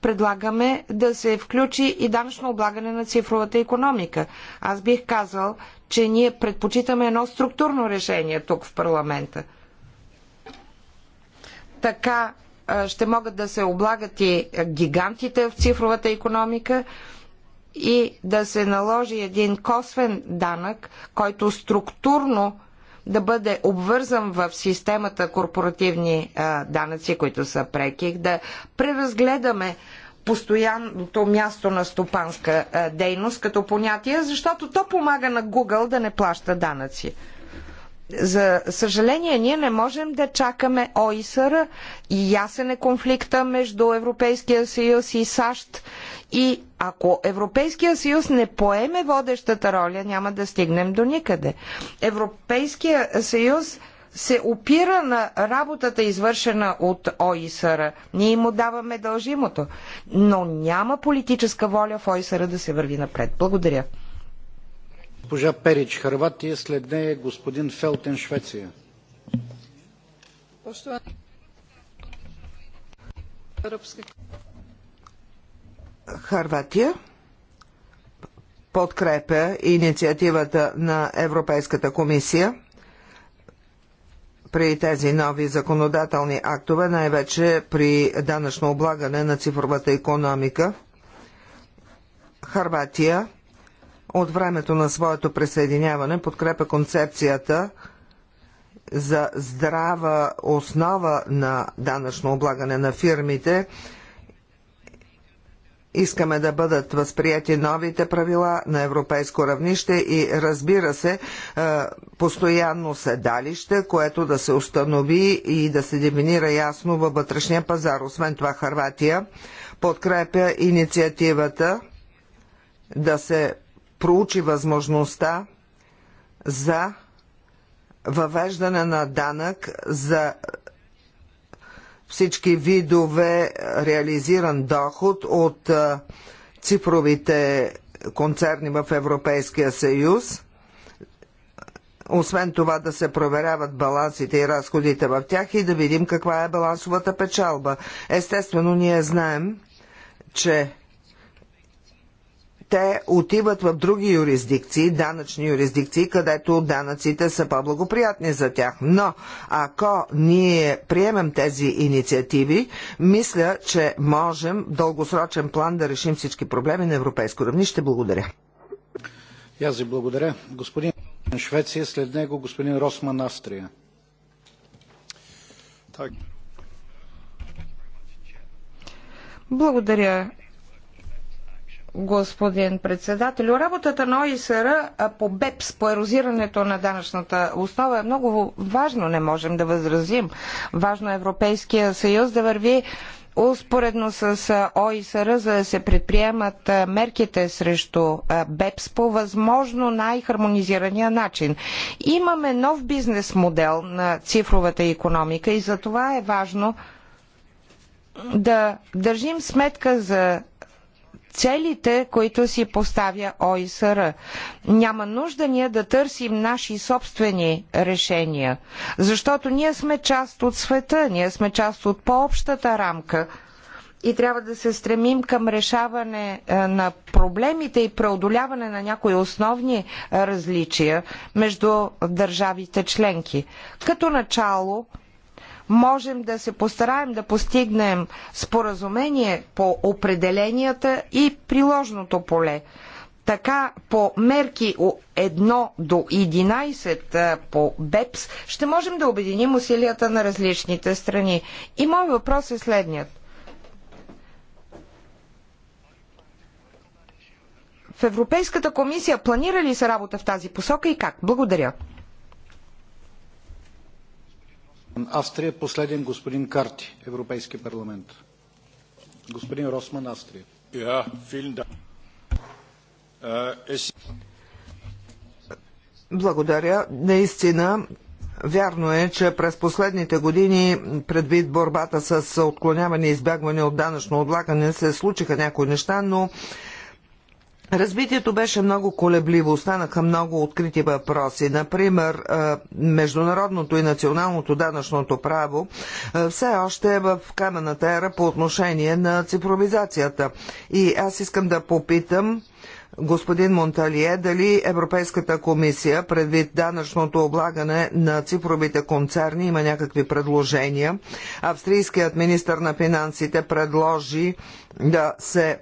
предлагаме да се включи и данъчно облагане на цифровата економика. Аз бих казал, че ние предпочитаме едно структурно решение тук в парламента. Така ще могат да се облагат и гигантите в цифровата економика и да се наложи един косвен данък, който структурно да бъде обвързан в системата корпоративни а, данъци, които са преки, да преразгледаме постоянното място на стопанска а, дейност като понятие, защото то помага на Google да не плаща данъци. За съжаление, ние не можем да чакаме ОИСР и ясен е конфликта между Европейския съюз и САЩ. И ако Европейския съюз не поеме водещата роля, няма да стигнем до никъде. Европейския съюз се опира на работата, извършена от ОИСР. Ние му даваме дължимото. Но няма политическа воля в ОИСР да се върви напред. Благодаря госпожа Перич Харватия, след нея господин Фелтен Швеция. Харватия подкрепя инициативата на Европейската комисия при тези нови законодателни актове, най-вече при данъчно облагане на цифровата економика. Харватия от времето на своето присъединяване подкрепя концепцията за здрава основа на данъчно облагане на фирмите. Искаме да бъдат възприяти новите правила на европейско равнище и разбира се, е, постоянно седалище, което да се установи и да се дефинира ясно във вътрешния пазар. Освен това, Харватия подкрепя инициативата да се проучи възможността за въвеждане на данък за всички видове реализиран доход от цифровите концерни в Европейския съюз. Освен това да се проверяват балансите и разходите в тях и да видим каква е балансовата печалба. Естествено, ние знаем, че те отиват в други юрисдикции, данъчни юрисдикции, където данъците са по-благоприятни за тях. Но ако ние приемем тези инициативи, мисля, че можем в дългосрочен план да решим всички проблеми на европейско равнище. Благодаря. аз ви благодаря. Господин Швеция, след него господин Росман Австрия. Так. Благодаря, господин председател, Работата на ОИСР по БЕПС, по ерозирането на данъчната основа е много важно, не можем да възразим. Важно е Европейския съюз да върви успоредно с ОИСР, за да се предприемат мерките срещу БЕПС по възможно най-хармонизирания начин. Имаме нов бизнес модел на цифровата економика и за това е важно да държим сметка за целите, които си поставя ОИСР. Няма нужда ние да търсим наши собствени решения, защото ние сме част от света, ние сме част от по-общата рамка и трябва да се стремим към решаване е, на проблемите и преодоляване на някои основни различия между държавите членки. Като начало можем да се постараем да постигнем споразумение по определенията и приложното поле. Така по мерки 1 до 11 по БЕПС ще можем да обединим усилията на различните страни. И мой въпрос е следният. В Европейската комисия планира ли се работа в тази посока и как? Благодаря. Австрия последен господин Карти, Европейски парламент. Господин Росман, Австрия. Ja, vielen Dank. Äh, Благодаря. Наистина, Вярно е, че през последните години, предвид борбата с отклоняване и избягване от данъчно отлагане, се случиха някои неща, но Развитието беше много колебливо, останаха много открити въпроси. Например, международното и националното данъчното право все още е в камената ера по отношение на цифровизацията. И аз искам да попитам господин Монталие, дали Европейската комисия предвид данъчното облагане на цифровите концерни има някакви предложения. Австрийският министр на финансите предложи да се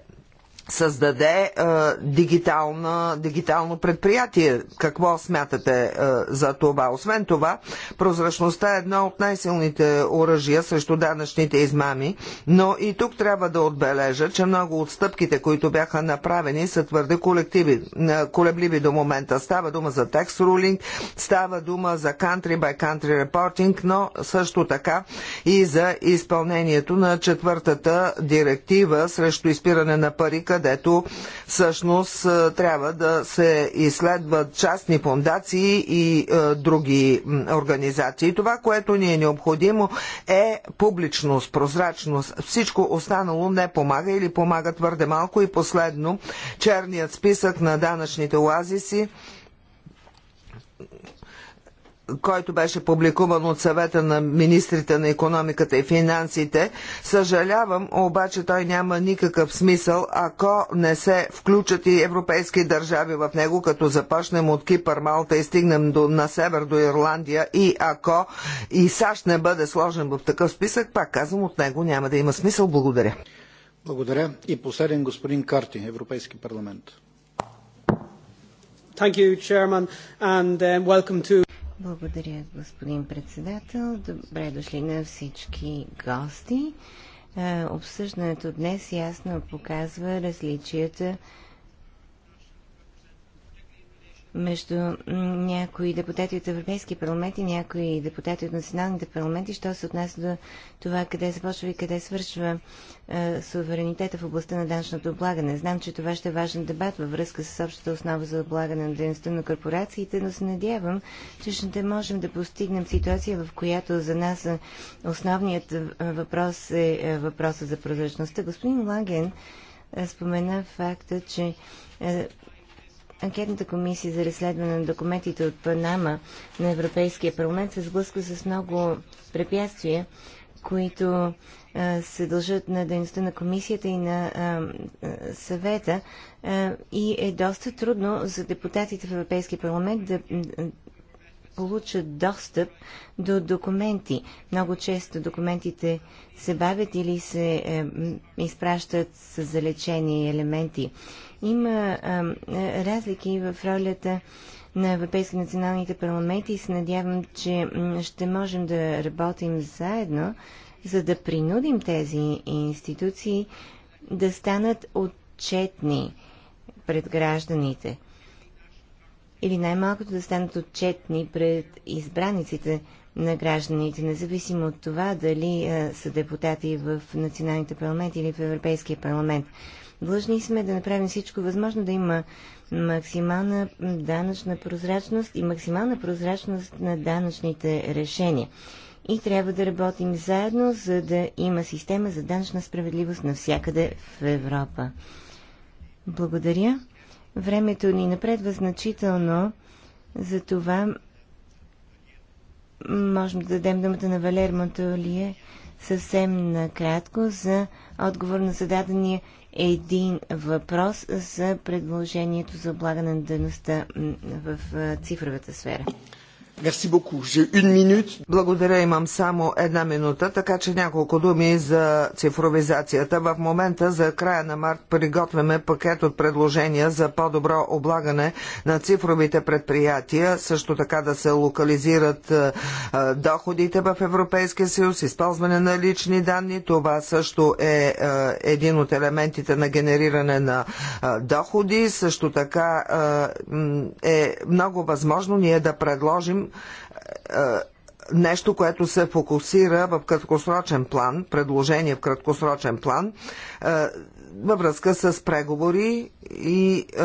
създаде а, е, дигитална, дигитално предприятие. Какво смятате а, е, за това? Освен това, прозрачността е едно от най-силните оръжия срещу данъчните измами, но и тук трябва да отбележа, че много от стъпките, които бяха направени, са твърде колективи, колебливи до момента. Става дума за текст рулинг, става дума за country by country reporting, но също така и за изпълнението на четвъртата директива срещу изпиране на пари, където всъщност трябва да се изследват частни фундации и е, други организации. Това, което ни е необходимо е публичност, прозрачност. Всичко останало не помага или помага твърде малко. И последно, черният списък на данъчните оазиси който беше публикуван от съвета на министрите на економиката и финансите. Съжалявам, обаче той няма никакъв смисъл, ако не се включат и европейски държави в него, като започнем от Кипър, Малта и стигнем до, на север до Ирландия и ако и САЩ не бъде сложен в такъв списък, пак казвам, от него няма да има смисъл. Благодаря. Благодаря. И последен господин Карти, Европейски парламент. Thank you, Chairman, and um, welcome to благодаря, господин председател. Добре дошли на всички гости. Е, обсъждането днес ясно показва различията между някои депутати от Европейския парламент и някои депутати от националните парламенти, що се отнася до това къде започва и къде свършва е, суверенитета в областта на данъчното облагане. Знам, че това ще е важен дебат във връзка с общата основа за облагане на дейността на корпорациите, но се надявам, че ще можем да постигнем ситуация, в която за нас основният въпрос е, е въпроса за прозрачността. Господин Лаген спомена факта, че е, анкетната комисия за разследване на документите от Панама на Европейския парламент се сблъсква с много препятствия, които се дължат на дейността на комисията и на а, съвета а, и е доста трудно за депутатите в Европейския парламент да получат достъп до документи. Много често документите се бавят или се е, изпращат с залечени елементи. Има а, е, разлики в ролята на Европейски националните парламенти и се надявам, че ще можем да работим заедно, за да принудим тези институции да станат отчетни пред гражданите. Или най-малкото да станат отчетни пред избраниците на гражданите, независимо от това дали а, е, са депутати в националните парламенти или в Европейския парламент. Длъжни сме да направим всичко възможно да има максимална данъчна прозрачност и максимална прозрачност на данъчните решения. И трябва да работим заедно, за да има система за данъчна справедливост навсякъде в Европа. Благодаря. Времето ни напредва значително, за това можем да дадем думата на Валер Монтолие съвсем накратко за отговор на зададения един въпрос за предложението за облагане на дейността в цифровата сфера. Благодаря, имам само една минута, така че няколко думи за цифровизацията. В момента за края на март приготвяме пакет от предложения за по-добро облагане на цифровите предприятия, също така да се локализират е, е, доходите в Европейския съюз, използване на лични данни. Това също е, е един от елементите на генериране на доходи. Също така е много възможно ние да предложим е, е, нещо, което се фокусира в краткосрочен план, предложение в краткосрочен план, е, във връзка с преговори и е,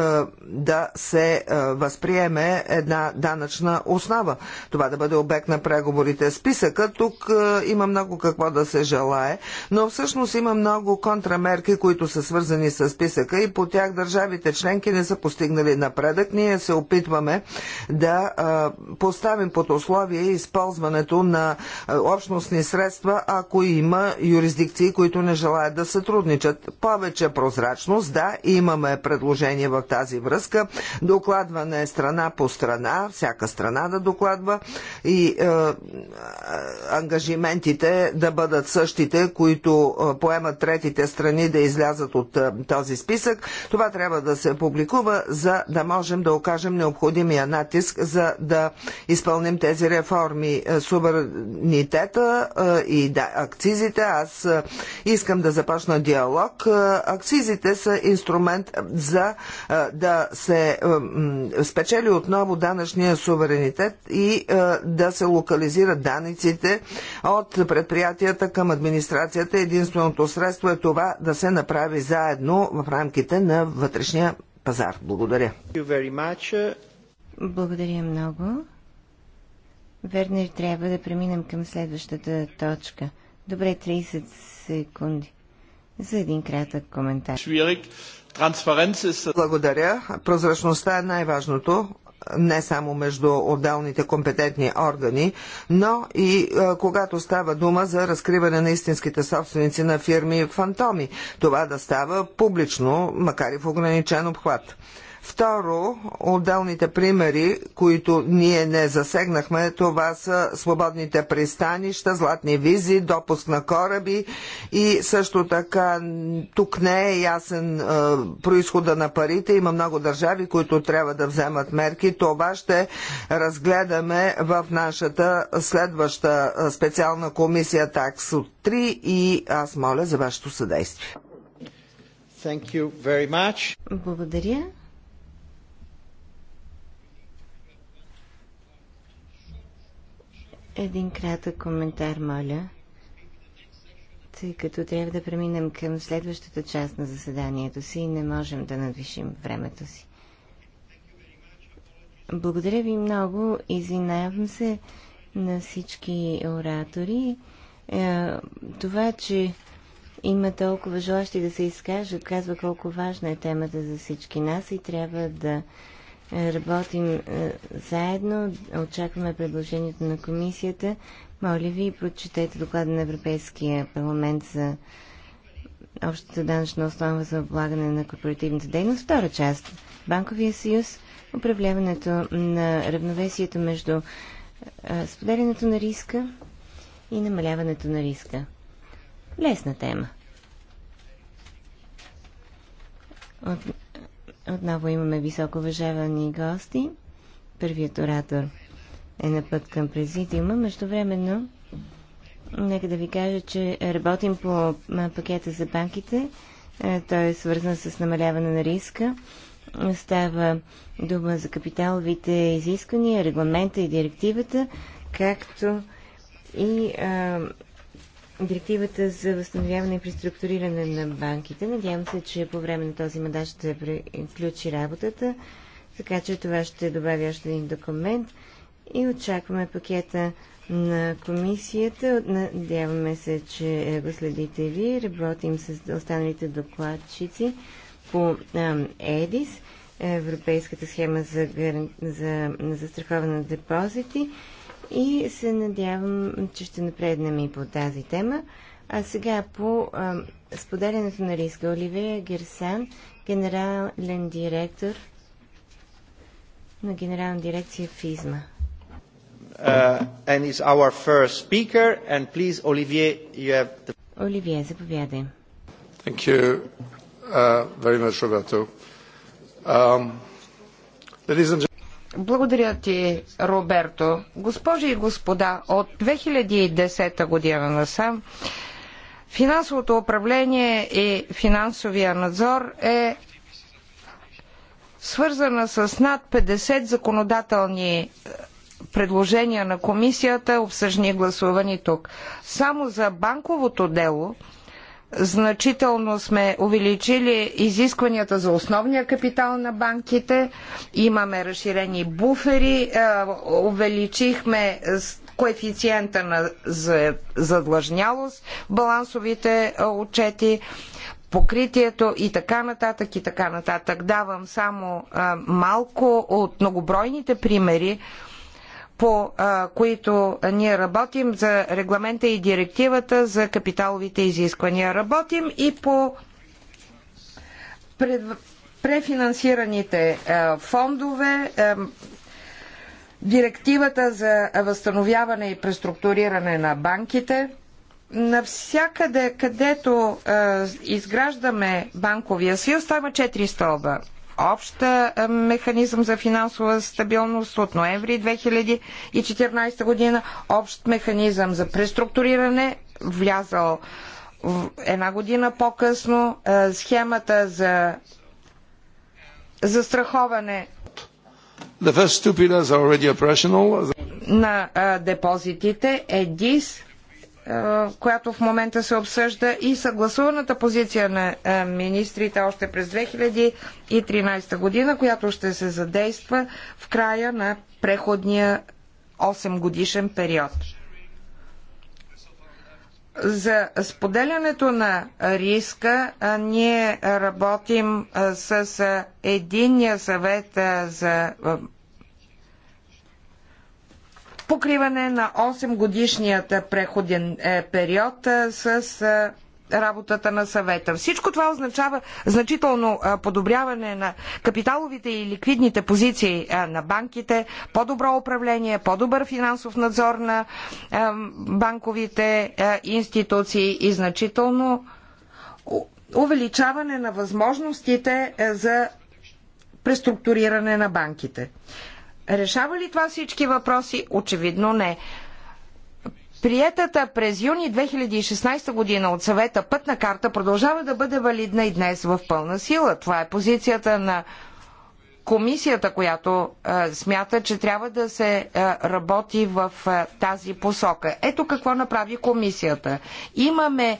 да се е, възприеме една данъчна основа. Това да бъде обект на преговорите. Списъка тук е, има много какво да се желае, но всъщност има много контрамерки, които са свързани с списъка и по тях държавите членки не са постигнали напредък. Ние се опитваме да е, поставим под условие използването на е, общностни средства, ако има юрисдикции, които не желаят да сътрудничат. Повече повече прозрачност. Да, имаме предложение в тази връзка. Докладване е страна по страна, всяка страна да докладва и е, е ангажиментите да бъдат същите, които е, поемат третите страни да излязат от е, този списък. Това трябва да се публикува, за да можем да окажем необходимия натиск, за да изпълним тези реформи. Е, суверенитета и да, акцизите. Аз искам да започна диалог акцизите са инструмент е, за е, да се е, спечели отново данъчния суверенитет и да се локализират данниците от предприятията към администрацията. Единственото средство е това да се направи заедно в рамките на вътрешния пазар. Благодаря. Благодаря много. Вернер, трябва да преминем към следващата точка. Добре, 30 секунди за един кратък коментар. Е Благодаря. Прозрачността е най-важното не само между отделните компетентни органи, но и е, когато става дума за разкриване на истинските собственици на фирми фантоми. Това да става публично, макар и в ограничен обхват. Второ, отделните примери, които ние не засегнахме, това са свободните пристанища, златни визи, допуск на кораби и също така тук не е ясен е, происхода на парите. Има много държави, които трябва да вземат мерки. Това ще разгледаме в нашата следваща е, специална комисия таксо 3 и аз моля за вашето съдействие. Благодаря. Един кратък коментар, моля, тъй като трябва да преминем към следващата част на заседанието си и не можем да надвишим времето си. Благодаря ви много. Извинявам се на всички оратори. Е, това, че има толкова желащи да се изкажат, казва колко важна е темата за всички нас и трябва да работим е, заедно. Очакваме предложението на комисията. Моля ви, прочетете доклада на Европейския парламент за общата данъчна основа за облагане на корпоративната дейност. Втора част. Банковия съюз, управляването на равновесието между е, споделянето на риска и намаляването на риска. Лесна тема. Отново имаме високо уважавани гости. Първият оратор е на път към президиума. Междувременно, нека да ви кажа, че работим по пакета за банките. Той е свързан с намаляване на риска. Става дума за капиталовите изисквания, регламента и директивата, както и а, директивата за възстановяване и преструктуриране на банките. Надявам се, че по време на този мандат ще приключи работата, така че това ще добави още един документ и очакваме пакета на комисията. Надяваме се, че го следите ви. Работим с останалите докладчици по ЕДИС, Европейската схема за, гаран... за застраховане на депозити и се надявам, че ще напреднем и по тази тема. А сега по а, споделянето на риска. Оливия Герсан, генерален директор на генерална дирекция ФИЗМА. Uh, and is our first speaker. And please, Olivier, you have the... Оливие, заповядай. Thank you uh, very much, Roberto. Um, ladies and gentlemen, благодаря ти, Роберто. Госпожи и господа, от 2010 година насам финансовото управление и финансовия надзор е свързана с над 50 законодателни е, предложения на комисията, обсъждани и гласувани тук. Само за банковото дело – Значително сме увеличили изискванията за основния капитал на банките. Имаме разширени буфери, е, увеличихме коефициента на задлъжнялост, балансовите е, отчети, покритието и така нататък и така нататък. Давам само е, малко от многобройните примери, по а, които ние работим за регламента и директивата за капиталовите изисквания. Работим и по пред, префинансираните а, фондове, а, директивата за възстановяване и преструктуриране на банките. Навсякъде, където а, изграждаме банковия съюз, това има е четири стълба обща е, механизъм за финансова стабилност от ноември 2014 година, общ механизъм за преструктуриране, влязал в една година по-късно, е, схемата за застраховане на е, депозитите е ДИС – е, която в момента се обсъжда и съгласуваната позиция на е, министрите още през 2013 година, която ще се задейства в края на преходния 8 годишен период. За споделянето на риска е, ние работим с единния съвет за покриване на 8 годишният преходен е, период е, с е, работата на съвета. Всичко това означава значително подобряване на капиталовите и ликвидните позиции на банките, по-добро управление, по-добър финансов надзор на банковите институции и значително увеличаване на възможностите за преструктуриране на банките. Решава ли това всички въпроси? Очевидно не. Приетата през юни 2016 година от съвета пътна карта продължава да бъде валидна и днес в пълна сила. Това е позицията на комисията, която а, е, смята, че трябва да се а, е, работи в а, е, тази посока. Ето какво направи комисията. Имаме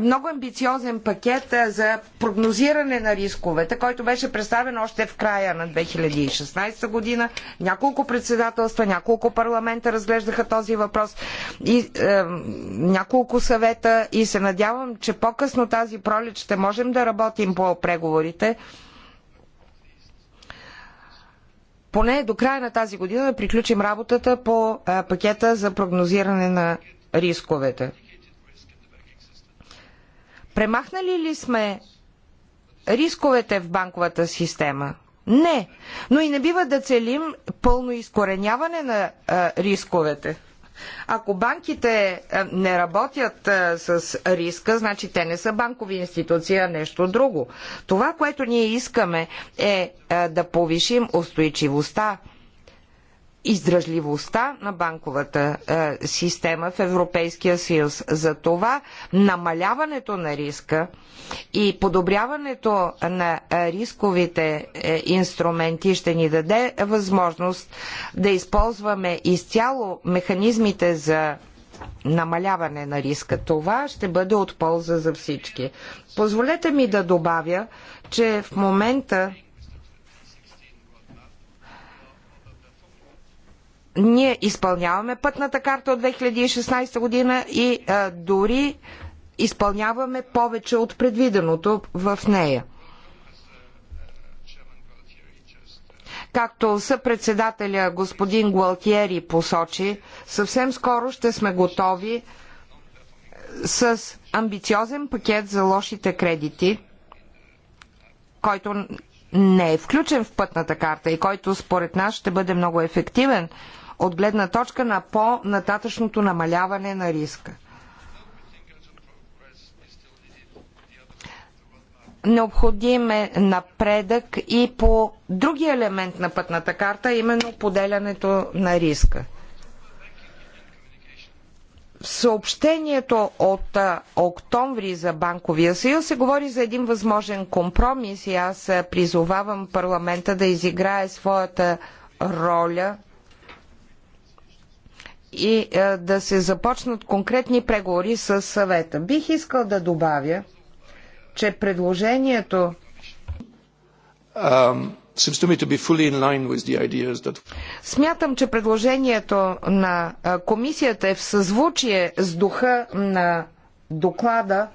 много амбициозен пакет за прогнозиране на рисковете, който беше представен още в края на 2016 година. Няколко председателства, няколко парламента разглеждаха този въпрос и е, няколко съвета и се надявам, че по-късно тази пролет ще можем да работим по преговорите. Поне до края на тази година да приключим работата по е, пакета за прогнозиране на рисковете. Премахнали ли сме рисковете в банковата система? Не, но и не бива да целим пълно изкореняване на а, рисковете. Ако банките не работят а, с риска, значи те не са банкови институции, а нещо друго. Това, което ние искаме е а, да повишим устойчивостта издръжливостта на банковата е, система в Европейския съюз. Затова намаляването на риска и подобряването на е, рисковите е, инструменти ще ни даде възможност да използваме изцяло механизмите за намаляване на риска. Това ще бъде от полза за всички. Позволете ми да добавя, че в момента ние изпълняваме пътната карта от 2016 година и а, дори изпълняваме повече от предвиденото в нея. Както съпредседателя господин Гуалтиери посочи, съвсем скоро ще сме готови с амбициозен пакет за лошите кредити, който не е включен в пътната карта и който според нас ще бъде много ефективен от гледна точка на по-нататъчното намаляване на риска. Необходим е напредък и по другия елемент на пътната карта, именно поделянето на риска. В съобщението от октомври за Банковия съюз се говори за един възможен компромис и аз призовавам парламента да изиграе своята роля и е, да се започнат конкретни преговори с съвета. Бих искал да добавя, че предложението um, Смятам, че предложението на комисията е в съзвучие с духа на доклада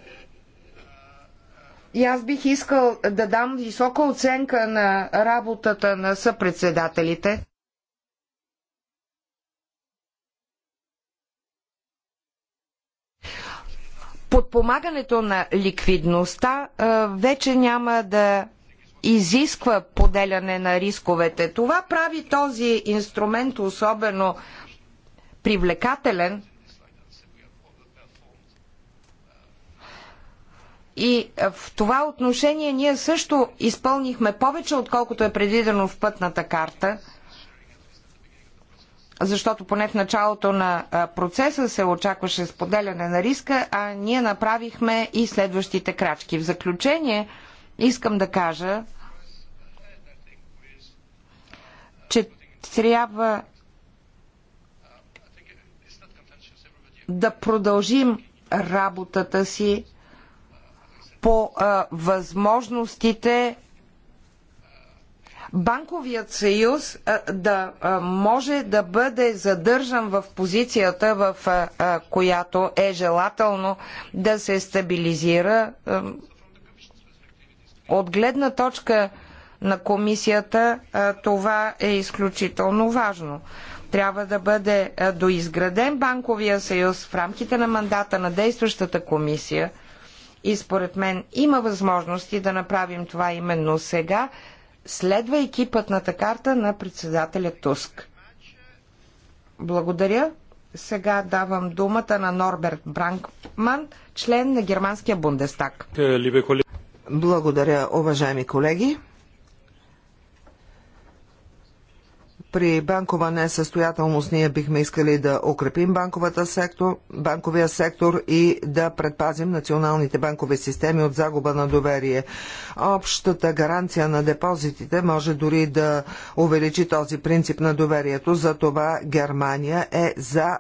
и аз бих искал да дам висока оценка на работата на съпредседателите. подпомагането на ликвидността вече няма да изисква поделяне на рисковете. Това прави този инструмент особено привлекателен И в това отношение ние също изпълнихме повече, отколкото е предвидено в пътната карта – защото поне в началото на процеса се очакваше споделяне на риска, а ние направихме и следващите крачки. В заключение искам да кажа, че трябва да продължим работата си по а, възможностите банковият съюз да може да бъде задържан в позицията, в която е желателно да се стабилизира. От гледна точка на комисията това е изключително важно. Трябва да бъде доизграден банковия съюз в рамките на мандата на действащата комисия и според мен има възможности да направим това именно сега следвайки пътната карта на председателя Туск. Благодаря. Сега давам думата на Норберт Бранкман, член на Германския Бундестаг. Благодаря, уважаеми колеги. При банкова несъстоятелност ние бихме искали да укрепим сектор, банковия сектор и да предпазим националните банкови системи от загуба на доверие. Общата гаранция на депозитите може дори да увеличи този принцип на доверието. За това Германия е за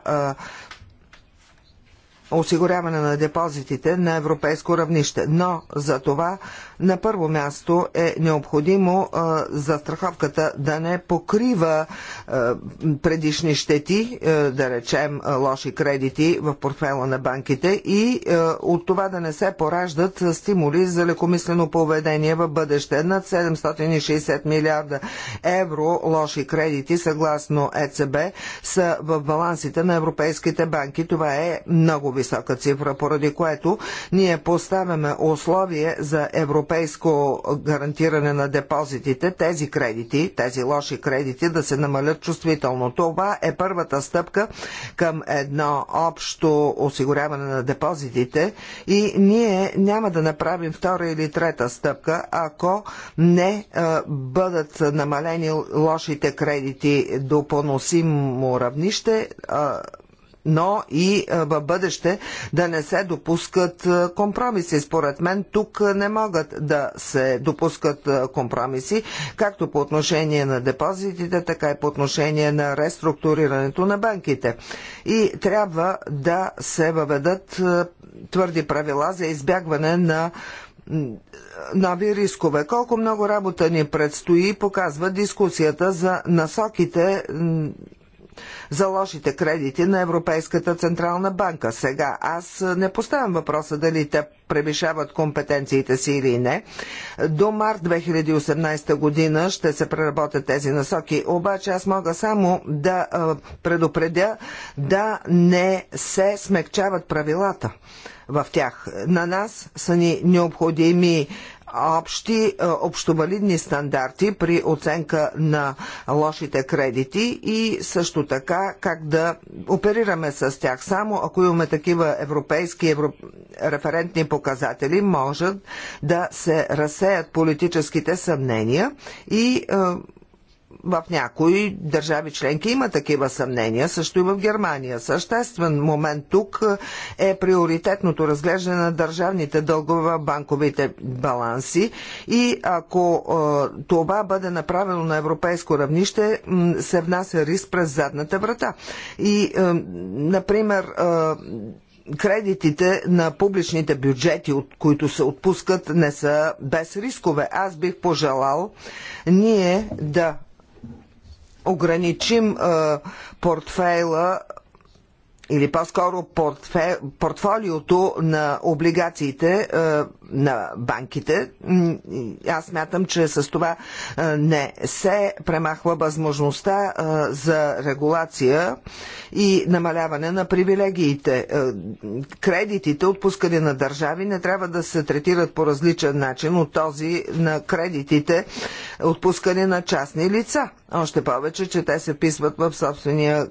осигуряване на депозитите на европейско равнище. Но за това на първо място е необходимо а, застраховката да не покрива а, предишни щети, а, да речем а, лоши кредити в портфела на банките и а, от това да не се пораждат стимули за лекомислено поведение в бъдеще. Над 760 милиарда евро лоши кредити, съгласно ЕЦБ, са в балансите на европейските банки. Това е много висока цифра, поради което ние поставяме условие за европейско гарантиране на депозитите, тези кредити, тези лоши кредити да се намалят чувствително. Това е първата стъпка към едно общо осигуряване на депозитите и ние няма да направим втора или трета стъпка, ако не бъдат намалени лошите кредити до поносимо равнище, но и в бъдеще да не се допускат компромиси. Според мен тук не могат да се допускат компромиси, както по отношение на депозитите, така и по отношение на реструктурирането на банките. И трябва да се въведат твърди правила за избягване на нови рискове. Колко много работа ни предстои, показва дискусията за насоките за лошите кредити на Европейската Централна банка. Сега аз не поставям въпроса дали те превишават компетенциите си или не. До март 2018 година ще се преработят тези насоки, обаче аз мога само да предупредя да не се смекчават правилата в тях. На нас са ни необходими общи е, общовалидни стандарти при оценка на лошите кредити и също така как да оперираме с тях. Само ако имаме такива европейски евро... референтни показатели, може да се разсеят политическите съмнения и е, в някои държави членки има такива съмнения, също и в Германия. Съществен момент тук е, е приоритетното разглеждане на държавните дългове в банковите баланси и ако е, това бъде направено на европейско равнище, се внася риск през задната врата. И, е, например, кредитите на публичните бюджети, от които се отпускат, не са без рискове. Аз бих пожелал ние да ограничим портфейла или по-скоро портфе, портфолиото на облигациите на банките. Аз мятам, че с това не се премахва възможността за регулация и намаляване на привилегиите. Кредитите, отпускани на държави, не трябва да се третират по различен начин от този на кредитите, отпускани на частни лица. Още повече, че те се вписват в собствения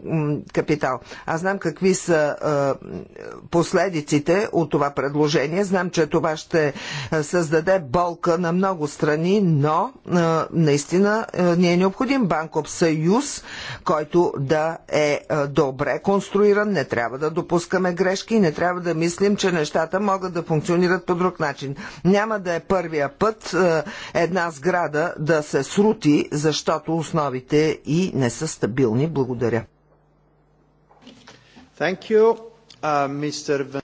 капитал. Аз знам какви са последиците от това предложение. Знам, че това ще създаде болка на много страни, но наистина ни е необходим банков съюз, който да е добре конструиран, не трябва да допускаме грешки и не трябва да мислим, че нещата могат да функционират по друг начин. Няма да е първия път една сграда да се срути, защото основите и не са стабилни. Благодаря. Thank you, uh, Mr.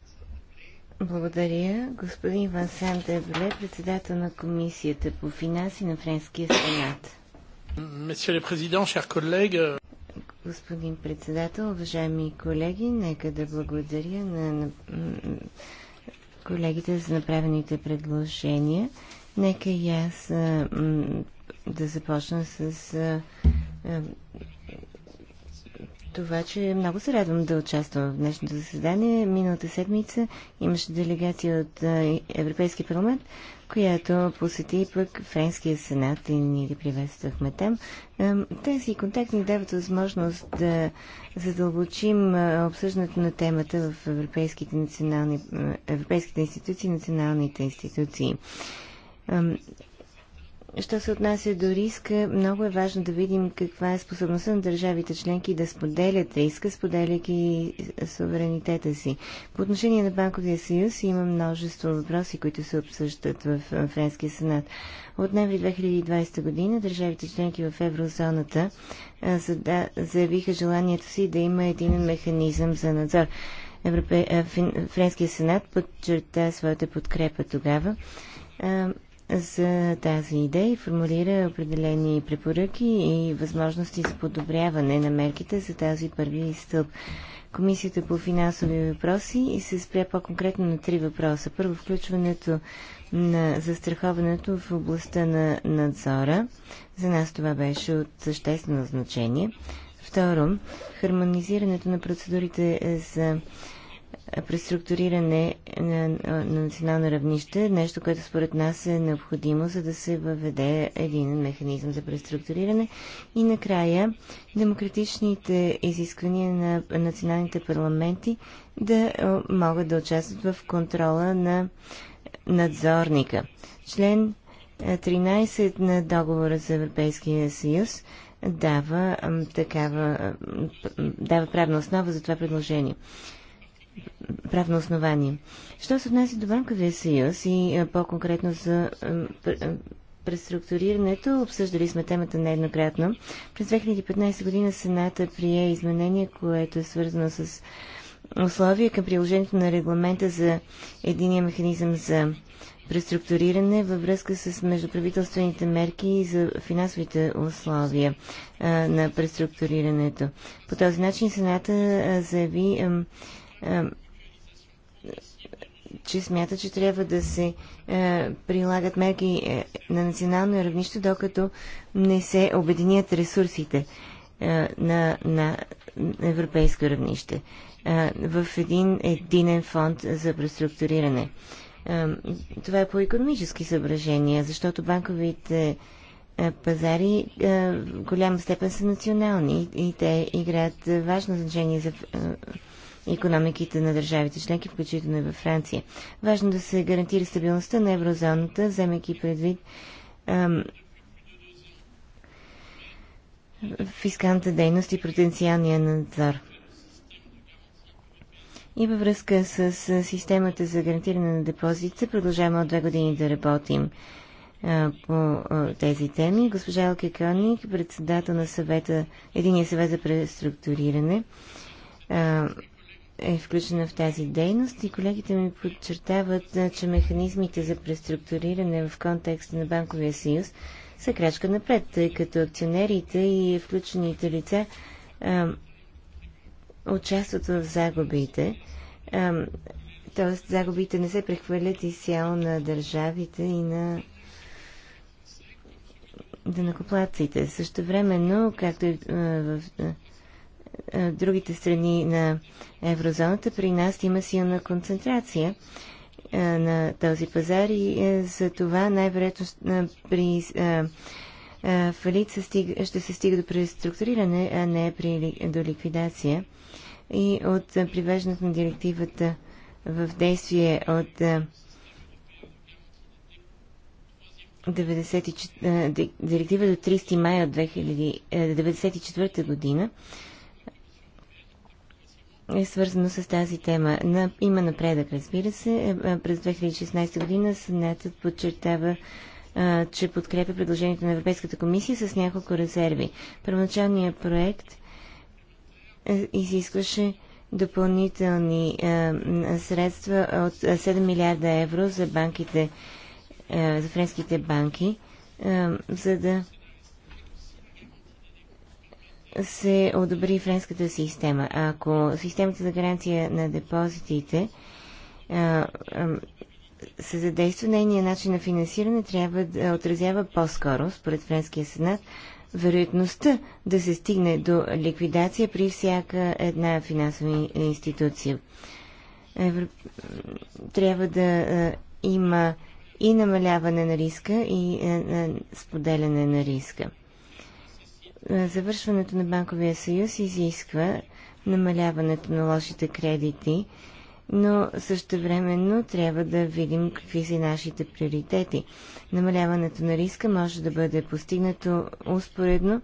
Благодаря. Господин Вансен Дебле, председател на Комисията по финанси на Френския Сенат. Господин председател, уважаеми колеги, нека да благодаря на, на колегите за направените предложения. Нека и аз а, да започна с а, това, че много се радвам да участвам в днешното заседание. Миналата седмица имаше делегация от Европейския парламент, която посети пък Френския сенат и ние ги приветствахме там. Тези контакти ни дават възможност да задълбочим обсъждането на темата в европейските, национални, европейските институции и националните институции. Що се отнася до риска, много е важно да видим каква е способността на държавите членки да споделят риска, споделяйки суверенитета си. По отношение на Банковия съюз има множество въпроси, които се обсъждат в Френския сенат. От ноември 2020 година държавите членки в еврозоната заявиха желанието си да има един механизъм за надзор. Европе... Френския сенат подчерта своята подкрепа тогава за тази идея и формулира определени препоръки и възможности за подобряване на мерките за тази първи стълб. Комисията по финансови въпроси и се спря по-конкретно на три въпроса. Първо, включването на застраховането в областта на надзора. За нас това беше от съществено значение. Второ, хармонизирането на процедурите за преструктуриране на, на национално равнище, нещо, което според нас е необходимо, за да се въведе един механизъм за преструктуриране. И накрая, демократичните изисквания на националните парламенти да могат да участват в контрола на надзорника. Член 13 е, на договора за Европейския съюз дава такава, дава правна основа за това предложение правно основание. Що се отнася до Банковия съюз и е, по-конкретно за е, е, преструктурирането, обсъждали сме темата нееднократно. През 2015 година Сената прие изменение, което е свързано с условия към приложението на регламента за единия механизъм за преструктуриране във връзка с междуправителствените мерки и за финансовите условия а, на преструктурирането. По този начин Сената а, заяви а, че смята, че трябва да се е, прилагат мерки е, на национално равнище, докато не се обединят ресурсите е, на, на европейско равнище в един единен фонд за преструктуриране. това е по економически съображения, защото банковите пазари в голяма степен са национални и, те играят важно значение за економиките на държавите членки, включително и във Франция. Важно да се гарантира стабилността на еврозоната, вземайки предвид ам, фискалната дейност и потенциалния надзор. И във връзка с, с системата за гарантиране на депозитите, продължаваме от две години да работим а, по а, тези теми. Госпожа Елке Кьоник, председател на съвета, Единия съвет за преструктуриране, а, е включена в тази дейност и колегите ми подчертават, че механизмите за преструктуриране в контекста на Банковия съюз са крачка напред, тъй като акционерите и включените лица а, участват в загубите. т.е. загубите не се прехвърлят изцяло на държавите и на данакоплаците. Също времено, както и в в другите страни на еврозоната, при нас има силна концентрация на този пазар и е, за това най-вероятно при фалит ще се стига до преструктуриране, а не при, до ликвидация. И от привеждането на директивата в действие от 94, директива до 30 май от 2094 е, година е свързано с тази тема. На, има напредък, разбира се. Е, е, през 2016 година Сенатът подчертава, че подкрепя предложението на Европейската комисия с няколко резерви. Първоначалният проект е, изискваше допълнителни а, средства от 7 милиарда евро за банките, а, за френските банки, за да се одобри френската система. Ако системата за гаранция на депозитите а, а, се задейства нейният начин на финансиране, трябва да отразява по-скоро, според Френския сенат, вероятността да се стигне до ликвидация при всяка една финансова институция. Евро... Трябва да а, има и намаляване на риска, и а, а, споделяне на риска. Е, завършването на банковия съюз изисква намаляването на лошите кредити, но същевременно трябва да видим какви са нашите приоритети. Намаляването на риска може да бъде постигнато успоредно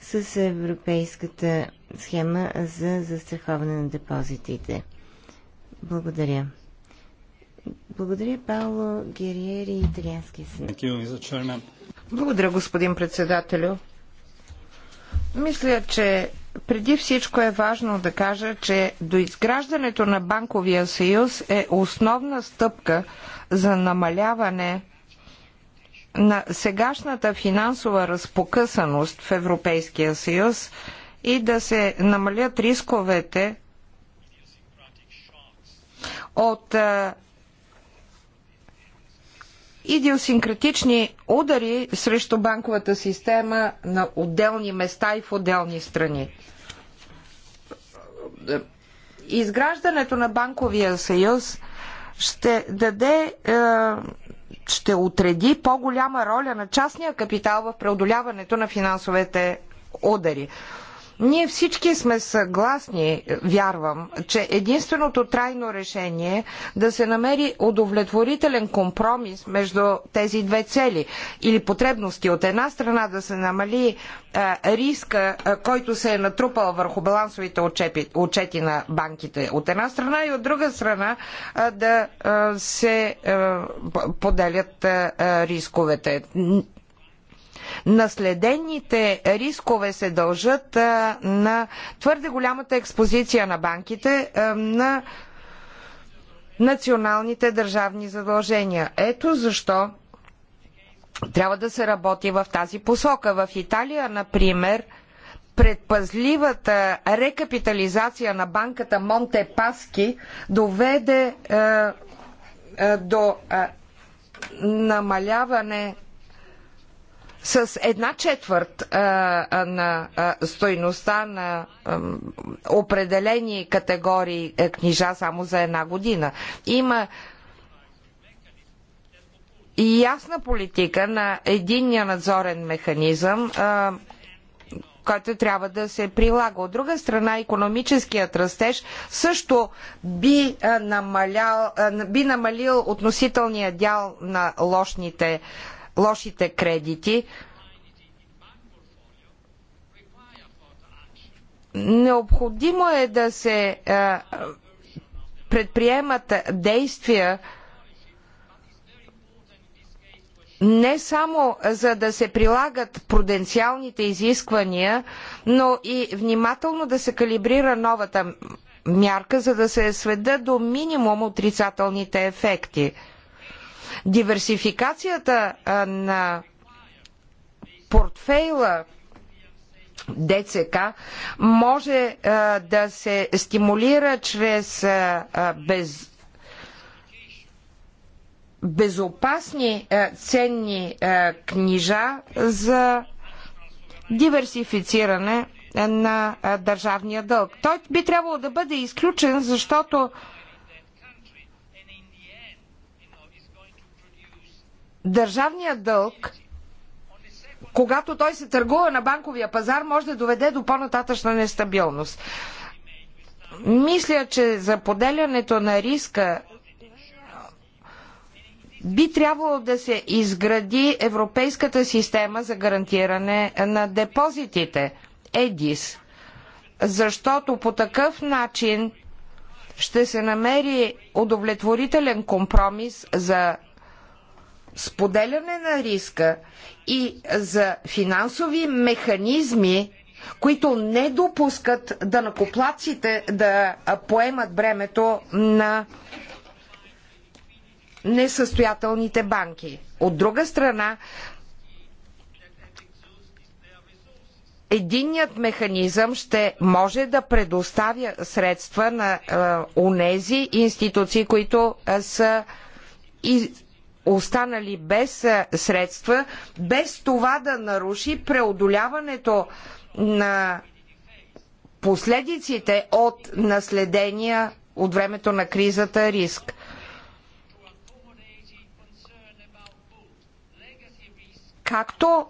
с европейската схема за застраховане на депозитите. Благодаря. Благодаря, Пауло Гериери и Италиански Благодаря, господин председателю. Мисля, че преди всичко е важно да кажа, че до изграждането на банковия съюз е основна стъпка за намаляване на сегашната финансова разпокъсаност в Европейския съюз и да се намалят рисковете от а, идиосинкратични удари срещу банковата система на отделни места и в отделни страни. Изграждането на банковия съюз ще даде, е, ще отреди по-голяма роля на частния капитал в преодоляването на финансовите удари. Ние всички сме съгласни, вярвам, че единственото трайно решение е да се намери удовлетворителен компромис между тези две цели или потребности. От една страна да се намали а, е, риска, а, е, който се е натрупал върху балансовите отчепи, отчети на банките. От една страна и от друга страна а, е, да се поделят рисковете. Наследените рискове се дължат на твърде голямата експозиция на банките на националните държавни задължения. Ето защо трябва да се работи в тази посока. В Италия, например, предпазливата рекапитализация на банката Монте Паски доведе е, е, до е, намаляване с една четвърт на стойността на определени категории е, книжа само за една година. Има и ясна политика на единния надзорен механизъм, който трябва да се прилага. От друга страна, економическият растеж също би, намалял, би намалил относителния дял на лошните лошите кредити, необходимо е да се е, предприемат действия не само за да се прилагат пруденциалните изисквания, но и внимателно да се калибрира новата мярка, за да се сведа до минимум отрицателните ефекти. Диверсификацията на портфейла ДЦК може да се стимулира чрез без безопасни ценни книжа за диверсифициране на държавния дълг. Той би трябвало да бъде изключен, защото държавният дълг, когато той се търгува на банковия пазар, може да доведе до по-нататъчна нестабилност. Мисля, че за поделянето на риска би трябвало да се изгради европейската система за гарантиране на депозитите, ЕДИС, защото по такъв начин ще се намери удовлетворителен компромис за споделяне на риска и за финансови механизми, които не допускат данакоплаците да поемат бремето на несъстоятелните банки. От друга страна, единният механизъм ще може да предоставя средства на унези е, институции, които е, са и останали без средства, без това да наруши преодоляването на последиците от наследения от времето на кризата риск. Както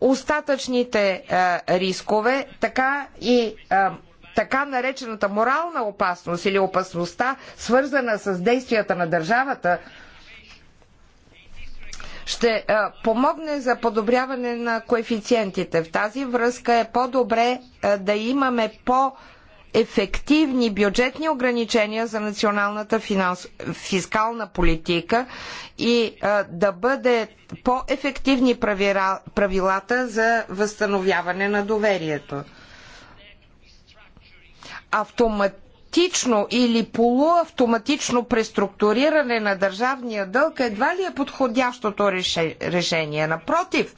остатъчните а, рискове, така и а, така наречената морална опасност или опасността, свързана с действията на държавата, ще помогне за подобряване на коефициентите. В тази връзка е по-добре да имаме по- ефективни бюджетни ограничения за националната финанс... фискална политика и а, да бъде по-ефективни правилата за възстановяване на доверието. Автомат автоматично или полуавтоматично преструктуриране на държавния дълг едва ли е подходящото решение. Напротив,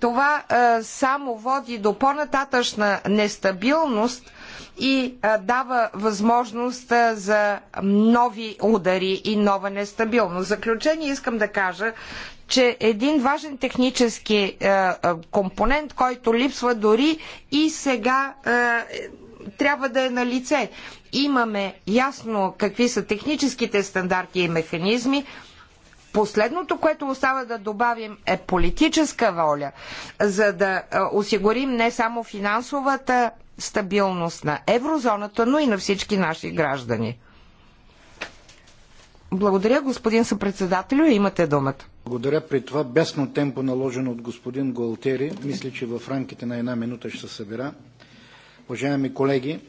това е, само води до по-нататъчна нестабилност и е, дава възможност е, за нови удари и нова нестабилност. В заключение искам да кажа, че един важен технически е, е, компонент, който липсва дори и сега е, трябва да е на лице. Имаме ясно какви са техническите стандарти и механизми. Последното, което остава да добавим е политическа воля, за да осигурим не само финансовата стабилност на еврозоната, но и на всички наши граждани. Благодаря, господин съпредседателю. Имате думата. Благодаря. При това бясно темпо, наложено от господин Голтери, мисля, че в рамките на една минута ще се събира. Уважаеми колеги,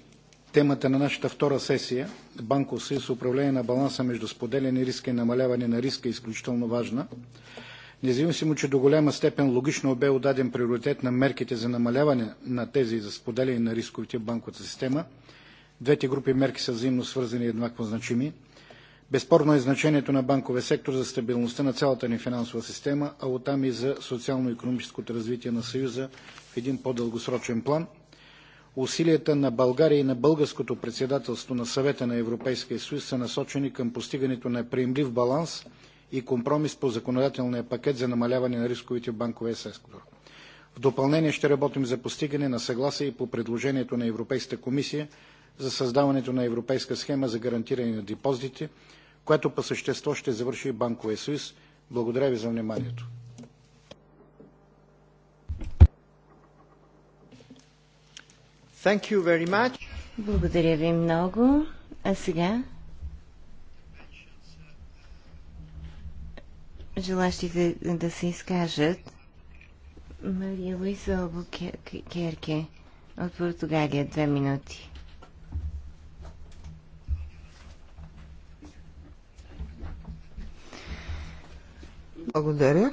темата на нашата втора сесия Банков съюз управление на баланса между споделяне риска и намаляване на риска е изключително важна. Независимо, че до голяма степен логично бе отдаден приоритет на мерките за намаляване на тези за споделяне на рисковите в банковата система, двете групи мерки са взаимно свързани и еднакво значими. Безспорно е значението на банковия сектор за стабилността на цялата ни финансова система, а оттам и за социално-економическото развитие на Съюза в един по-дългосрочен план – усилията на България и на българското председателство на Съвета на Европейския съюз са насочени към постигането на приемлив баланс и компромис по законодателния пакет за намаляване на рисковете в банковия сектор. В допълнение ще работим за постигане на съгласие и по предложението на Европейската комисия за създаването на европейска схема за гарантиране на депозитите, която по същество ще завърши банковия съюз. Благодаря ви за вниманието. Thank you very much. Благодаря ви много. А сега? Желащите да се изкажат. Мария Луиза Керке от Португалия. Две минути. Благодаря.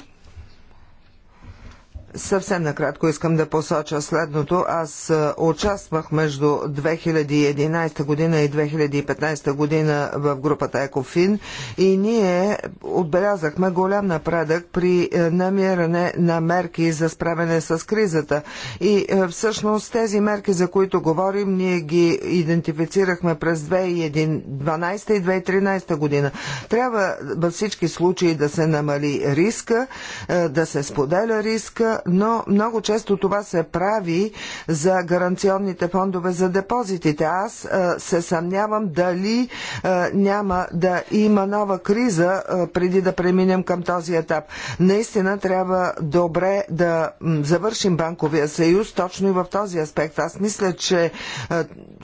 Съвсем накратко искам да посоча следното. Аз е, участвах между 2011 година и 2015 година в групата Екофин и ние отбелязахме голям напредък при е, намиране на мерки за справяне с кризата. И е, всъщност тези мерки, за които говорим, ние ги идентифицирахме през 2012 и 2013 година. Трябва във всички случаи да се намали риска, да се споделя риска, но много често това се прави за гаранционните фондове за депозитите. Аз е, се съмнявам дали е, няма да има нова криза е, преди да преминем към този етап. Наистина трябва добре да завършим банковия съюз точно и в този аспект. Аз мисля, че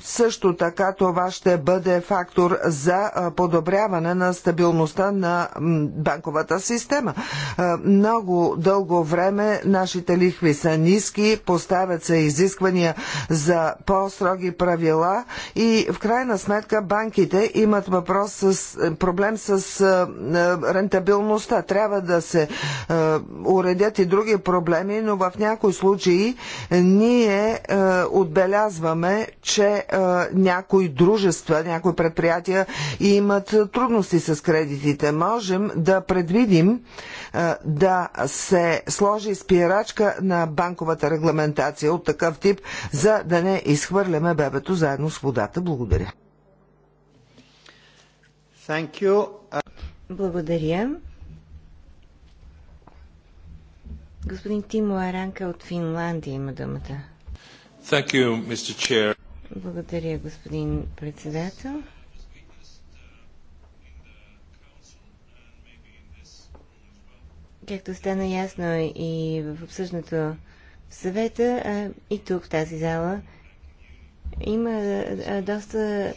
също така това ще бъде фактор за подобряване на стабилността на банковата система. Много дълго време на нашите лихви са ниски, поставят се изисквания за по-строги правила и в крайна сметка банките имат въпрос с проблем с рентабилността. Трябва да се уредят и други проблеми, но в някои случаи ние отбелязваме, че някои дружества, някои предприятия имат трудности с кредитите. Можем да предвидим да се сложи спирал крачка на банковата регламентация от такъв тип, за да не изхвърляме бебето заедно с водата. Благодаря. Благодаря. Господин Тимо Аранка от Финландия има думата. You, Благодаря, господин председател. Както стана ясно и в обсъждането в съвета, и тук в тази зала, има доста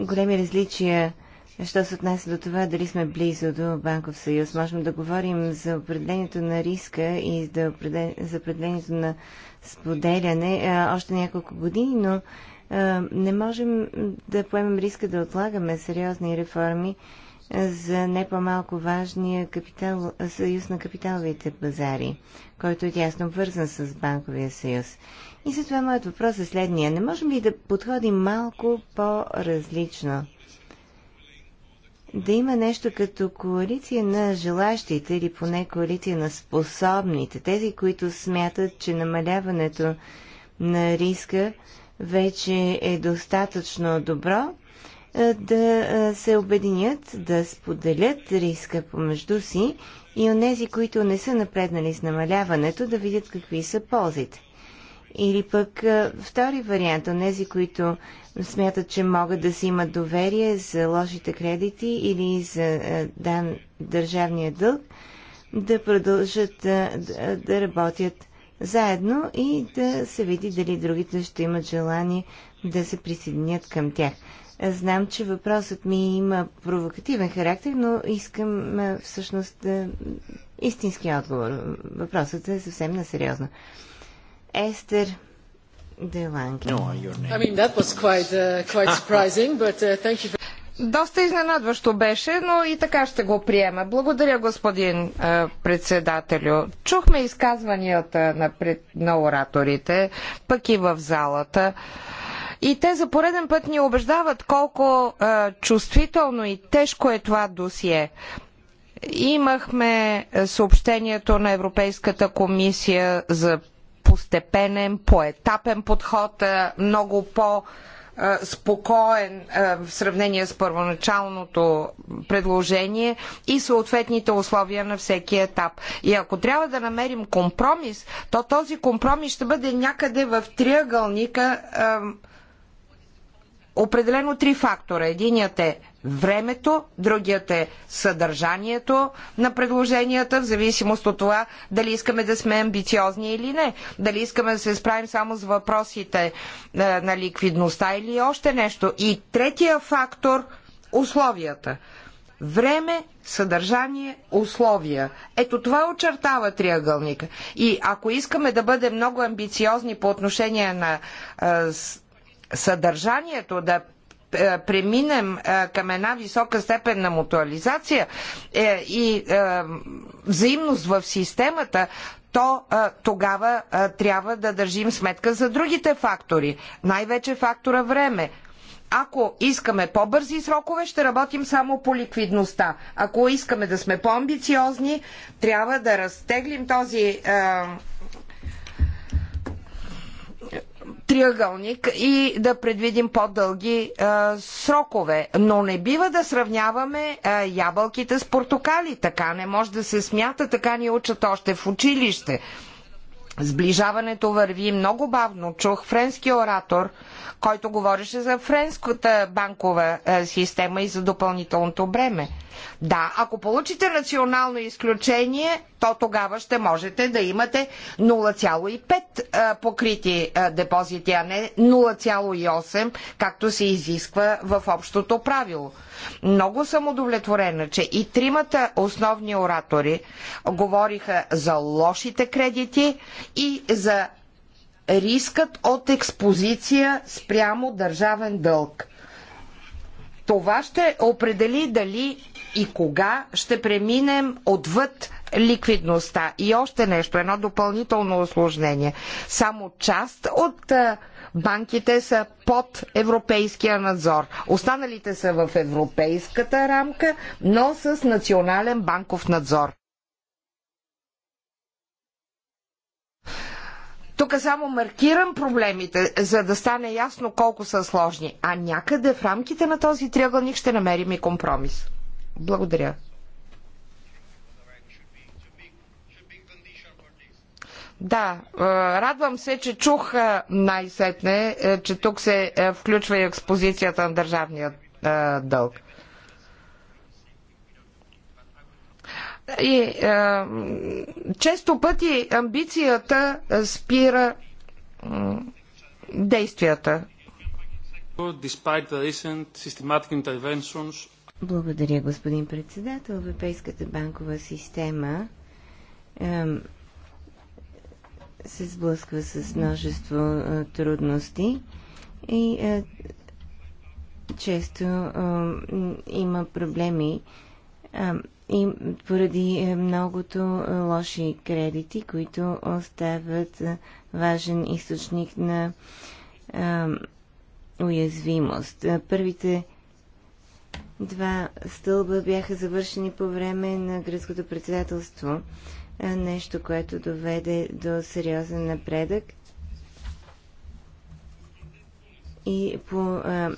големи различия, що се отнася до това дали сме близо до Банков съюз. Можем да говорим за определението на риска и за определението на споделяне още няколко години, но не можем да поемем риска да отлагаме сериозни реформи за не по-малко важния капитал, съюз на капиталовите пазари, който е тясно вързан с банковия съюз. И затова моят въпрос е следния. Не можем ли да подходим малко по-различно? Да има нещо като коалиция на желащите или поне коалиция на способните, тези, които смятат, че намаляването на риска вече е достатъчно добро, да се обединят, да споделят риска помежду си и онези, които не са напреднали с намаляването, да видят какви са ползите. Или пък втори вариант, онези, които смятат, че могат да си имат доверие за лошите кредити или за дан, държавния дълг, да продължат да, да работят заедно и да се види дали другите ще имат желание да се присъединят към тях. Знам, че въпросът ми има провокативен характер, но искам всъщност истински отговор. Въпросът е съвсем насериозно. Естер Деланки. Uh, uh, Доста изненадващо беше, но и така ще го приема. Благодаря, господин е, председателю. Чухме изказванията на, пред, на ораторите, пък и в залата. Е, и те за пореден път ни убеждават колко е, чувствително и тежко е това досие. Имахме е, съобщението на Европейската комисия за постепенен, поетапен подход, е, много по- спокоен в сравнение с първоначалното предложение и съответните условия на всеки етап. И ако трябва да намерим компромис, то този компромис ще бъде някъде в триъгълника определено три фактора. Единият е времето, другият е съдържанието на предложенията, в зависимост от това дали искаме да сме амбициозни или не. Дали искаме да се справим само с въпросите е, на ликвидността или още нещо. И третия фактор условията. Време, съдържание, условия. Ето това очертава триъгълника. И ако искаме да бъдем много амбициозни по отношение на е, съдържанието, да е, преминем е, към една висока степен на мутуализация е, и взаимност в системата, то тогава трябва да държим сметка за другите фактори, най-вече фактора време. Ако искаме по-бързи срокове, ще работим само по ликвидността. Ако искаме да сме по-амбициозни, трябва да разтеглим този триъгълник и да предвидим по-дълги срокове. Но не бива да сравняваме а, ябълките с портокали. Така не може да се смята, така ни учат още в училище. Сближаването върви много бавно. Чух френски оратор, който говореше за френската банкова е, система и за допълнителното бреме. Да, ако получите национално изключение, то тогава ще можете да имате 0,5 е, покрити е, депозити, а не 0,8, както се изисква в общото правило. Много съм удовлетворена, че и тримата основни оратори говориха за лошите кредити и за рискът от експозиция спрямо държавен дълг. Това ще определи дали и кога ще преминем отвъд ликвидността. И още нещо, едно допълнително осложнение. Само част от банките са под европейския надзор. Останалите са в европейската рамка, но с национален банков надзор. Тук само маркирам проблемите, за да стане ясно колко са сложни. А някъде в рамките на този триъгълник ще намерим и компромис. Благодаря. Да, е, радвам се, че чух е, най-сетне, е, че тук се включва и експозицията на държавния дълг. И е, често пъти амбицията спира действията. Благодаря, господин председател. Европейската банкова система се сблъсква с множество е, трудности и е, често има проблеми и поради е, многото е, лоши кредити, които остават е, важен източник на а, уязвимост. Първите два стълба бяха завършени по време на гръцкото председателство, нещо, което доведе до сериозен напредък. И по а,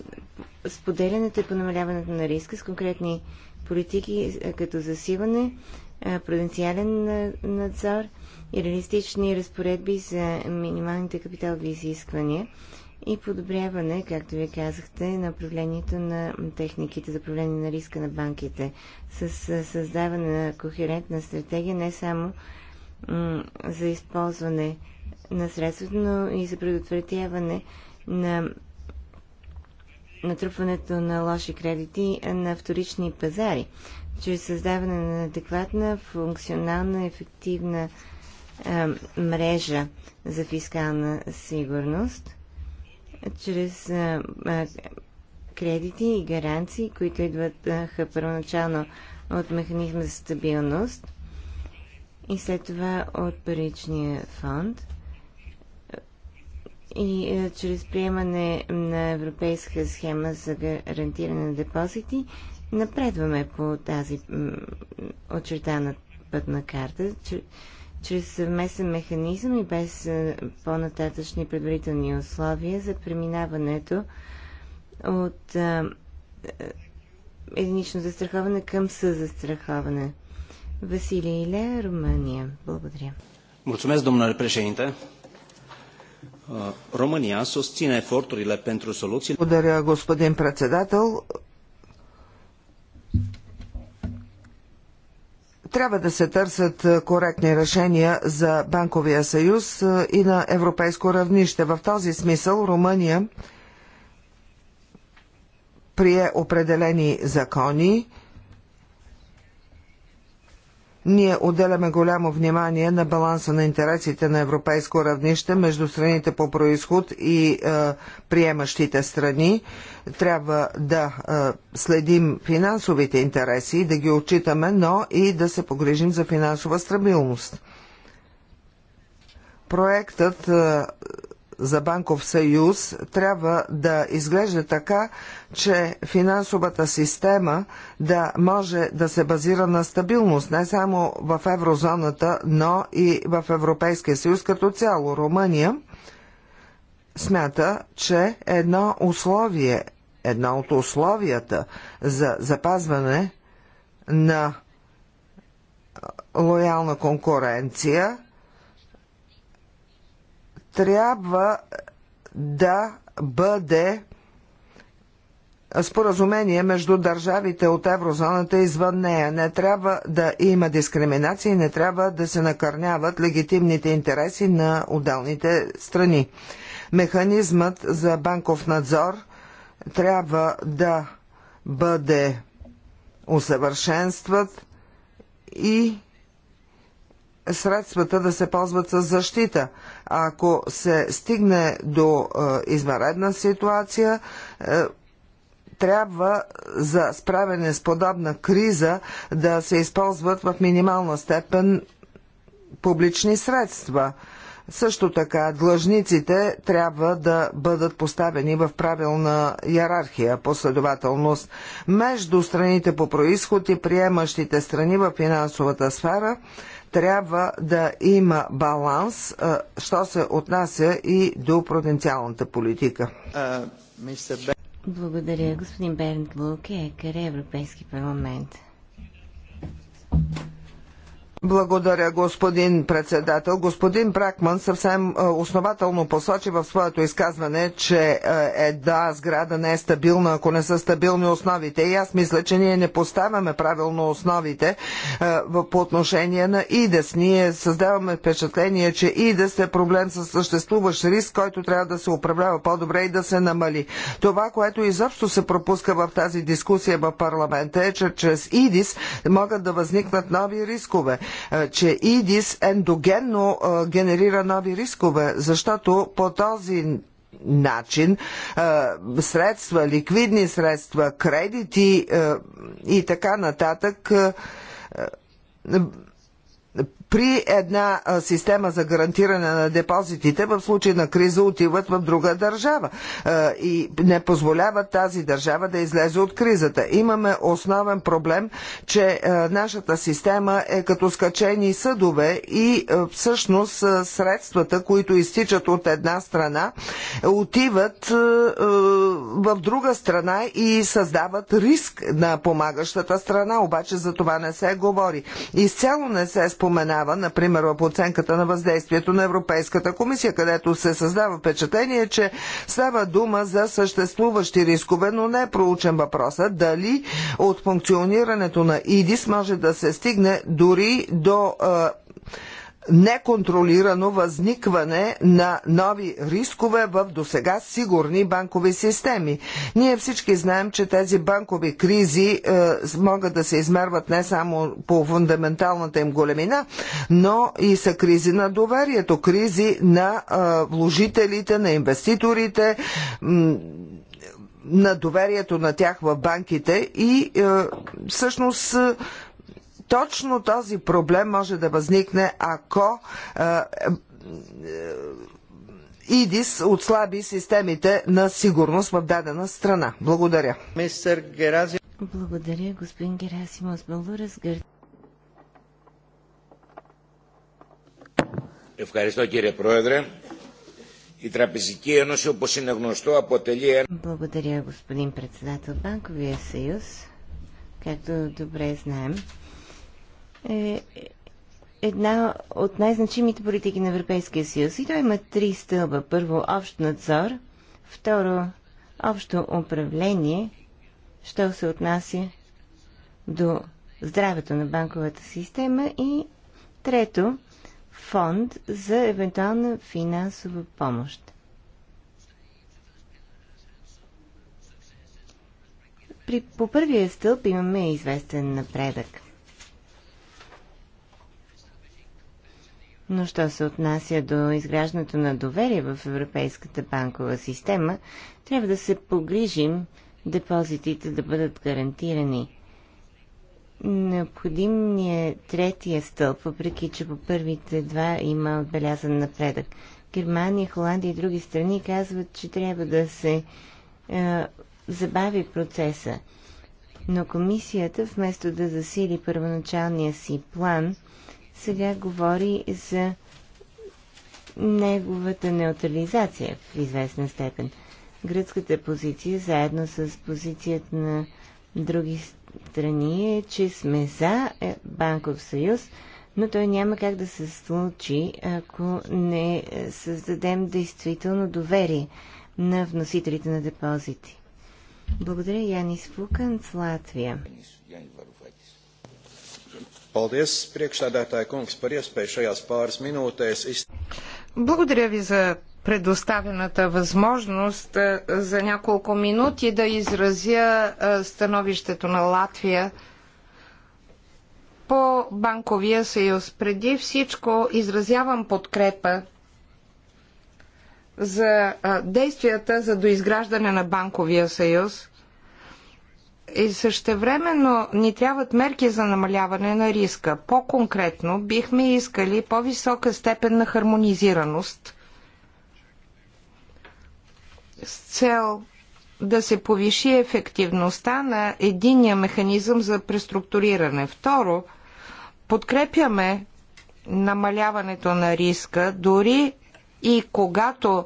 споделянето и по намаляването на риска с конкретни а, политики е, като засиване, е, провинциален е, надзор и реалистични разпоредби за минималните капиталови изисквания и подобряване, както ви казахте, на управлението на техниките за управление на риска на банките с създаване на кохерентна стратегия не само за използване на средството, но и за предотвратяване на натрупването на лоши кредити на вторични пазари, чрез създаване на адекватна, функционална, ефективна е, мрежа за фискална сигурност, чрез е, е, кредити и гаранции, които идват е, първоначално от механизма за стабилност и след това от паричния фонд – и е, чрез приемане на европейска схема за гарантиране на депозити напредваме по тази очертана пътна карта, чрез съвместен механизъм и без е, по-нататъчни предварителни условия за преминаването от е, единично застраховане към съзастраховане. Василий Иле, Румъния. Благодаря. Mulțumesc, domnule președinte. România susține eforturile pentru soluții. Благодаря, господин председател. Трябва да се търсят коректни решения за банковия съюз и на европейско равнище. В този смисъл Румъния прие определени закони, ние отделяме голямо внимание на баланса на интересите на европейско равнище между страните по происход и е, приемащите страни. Трябва да е, следим финансовите интереси, да ги отчитаме, но и да се погрежим за финансова стабилност. Проектът е, за банков съюз трябва да изглежда така, че финансовата система да може да се базира на стабилност не само в еврозоната, но и в Европейския съюз като цяло. Румъния смята, че едно условие, едно от условията за запазване на лоялна конкуренция трябва да бъде споразумение между държавите от еврозоната извън нея. Не трябва да има дискриминации, не трябва да се накърняват легитимните интереси на отделните страни. Механизмът за банков надзор трябва да бъде усъвършенстват и средствата да се ползват с защита. Ако се стигне до е, измаредна ситуация, е, трябва за справяне с подобна криза да се използват в минимална степен публични средства. Също така, длъжниците трябва да бъдат поставени в правилна иерархия, последователност между страните по происход и приемащите страни в финансовата сфера – трябва да има баланс, що се отнася и до провинциалната политика. Благодаря, господин Бернт Луке, къде е Европейски парламент? Благодаря, господин председател. Господин Бракман съвсем е, основателно посочи в своето изказване, че е, една сграда не е стабилна, ако не са стабилни основите. И аз мисля, че ние не поставяме правилно основите е, по отношение на ИДЕС. Ние създаваме впечатление, че ИДЕС е проблем с съществуващ риск, който трябва да се управлява по-добре и да се намали. Това, което изобщо се пропуска в тази дискусия в парламента е, че чрез ИДИС могат да възникнат нови рискове че ИДИС ендогенно генерира нови рискове, защото по този начин средства, ликвидни средства, кредити и така нататък при една система за гарантиране на депозитите в случай на криза отиват в друга държава и не позволяват тази държава да излезе от кризата. Имаме основен проблем, че нашата система е като скачени съдове и всъщност средствата, които изтичат от една страна, отиват в друга страна и създават риск на помагащата страна, обаче за това не се говори. Изцяло не се спомена минава, например, в оценката на въздействието на Европейската комисия, където се създава впечатление, че става дума за съществуващи рискове, но не е проучен въпроса дали от функционирането на ИДИС може да се стигне дори до неконтролирано възникване на нови рискове в досега сигурни банкови системи. Ние всички знаем, че тези банкови кризи е, могат да се измерват не само по фундаменталната им големина, но и са кризи на доверието, кризи на е, вложителите, на инвеститорите, на доверието на тях в банките и е, всъщност е, точно този проблем може да възникне, ако е, е, ИДИС отслаби системите на сигурност в дадена страна. Благодаря. Мистер Герази... Благодаря, господин Герасимов. Много разгърт. Ευχαριστώ κύριε Πρόεδρε. Η Τραπεζική Ένωση, όπως είναι γνωστό, αποτελεί ένα... Благодаря, господин председател. Банковия съюз, както добре знаем, е една от най-значимите политики на Европейския съюз. И той има три стълба. Първо, общ надзор. Второ, общо управление, що се отнася до здравето на банковата система. И трето, фонд за евентуална финансова помощ. При, по първия стълб имаме известен напредък. Но що се отнася до изграждането на доверие в Европейската банкова система, трябва да се погрижим депозитите да бъдат гарантирани. Необходим ни е третия стълб, въпреки че по първите два има отбелязан напредък. Германия, Холандия и други страни казват, че трябва да се е, забави процеса. Но комисията, вместо да засили първоначалния си план, сега говори за неговата неутрализация в известна степен. Гръцката позиция, заедно с позицията на други страни, е, че сме за е, банков съюз, но той няма как да се случи, ако не е, създадем действително доверие на вносителите на депозити. Благодаря, Янис Фукан с Латвия. Paldies, kungs, par iespēju šajās pāris minūtēs. Благодаря ви за предоставената възможност е, за няколко минути да изразя е, становището на Латвия по Банковия съюз. Преди всичко изразявам подкрепа за е, действията за доизграждане на Банковия съюз – и същевременно ни трябват мерки за намаляване на риска. По-конкретно бихме искали по-висока степен на хармонизираност с цел да се повиши ефективността на единия механизъм за преструктуриране. Второ, подкрепяме намаляването на риска, дори и когато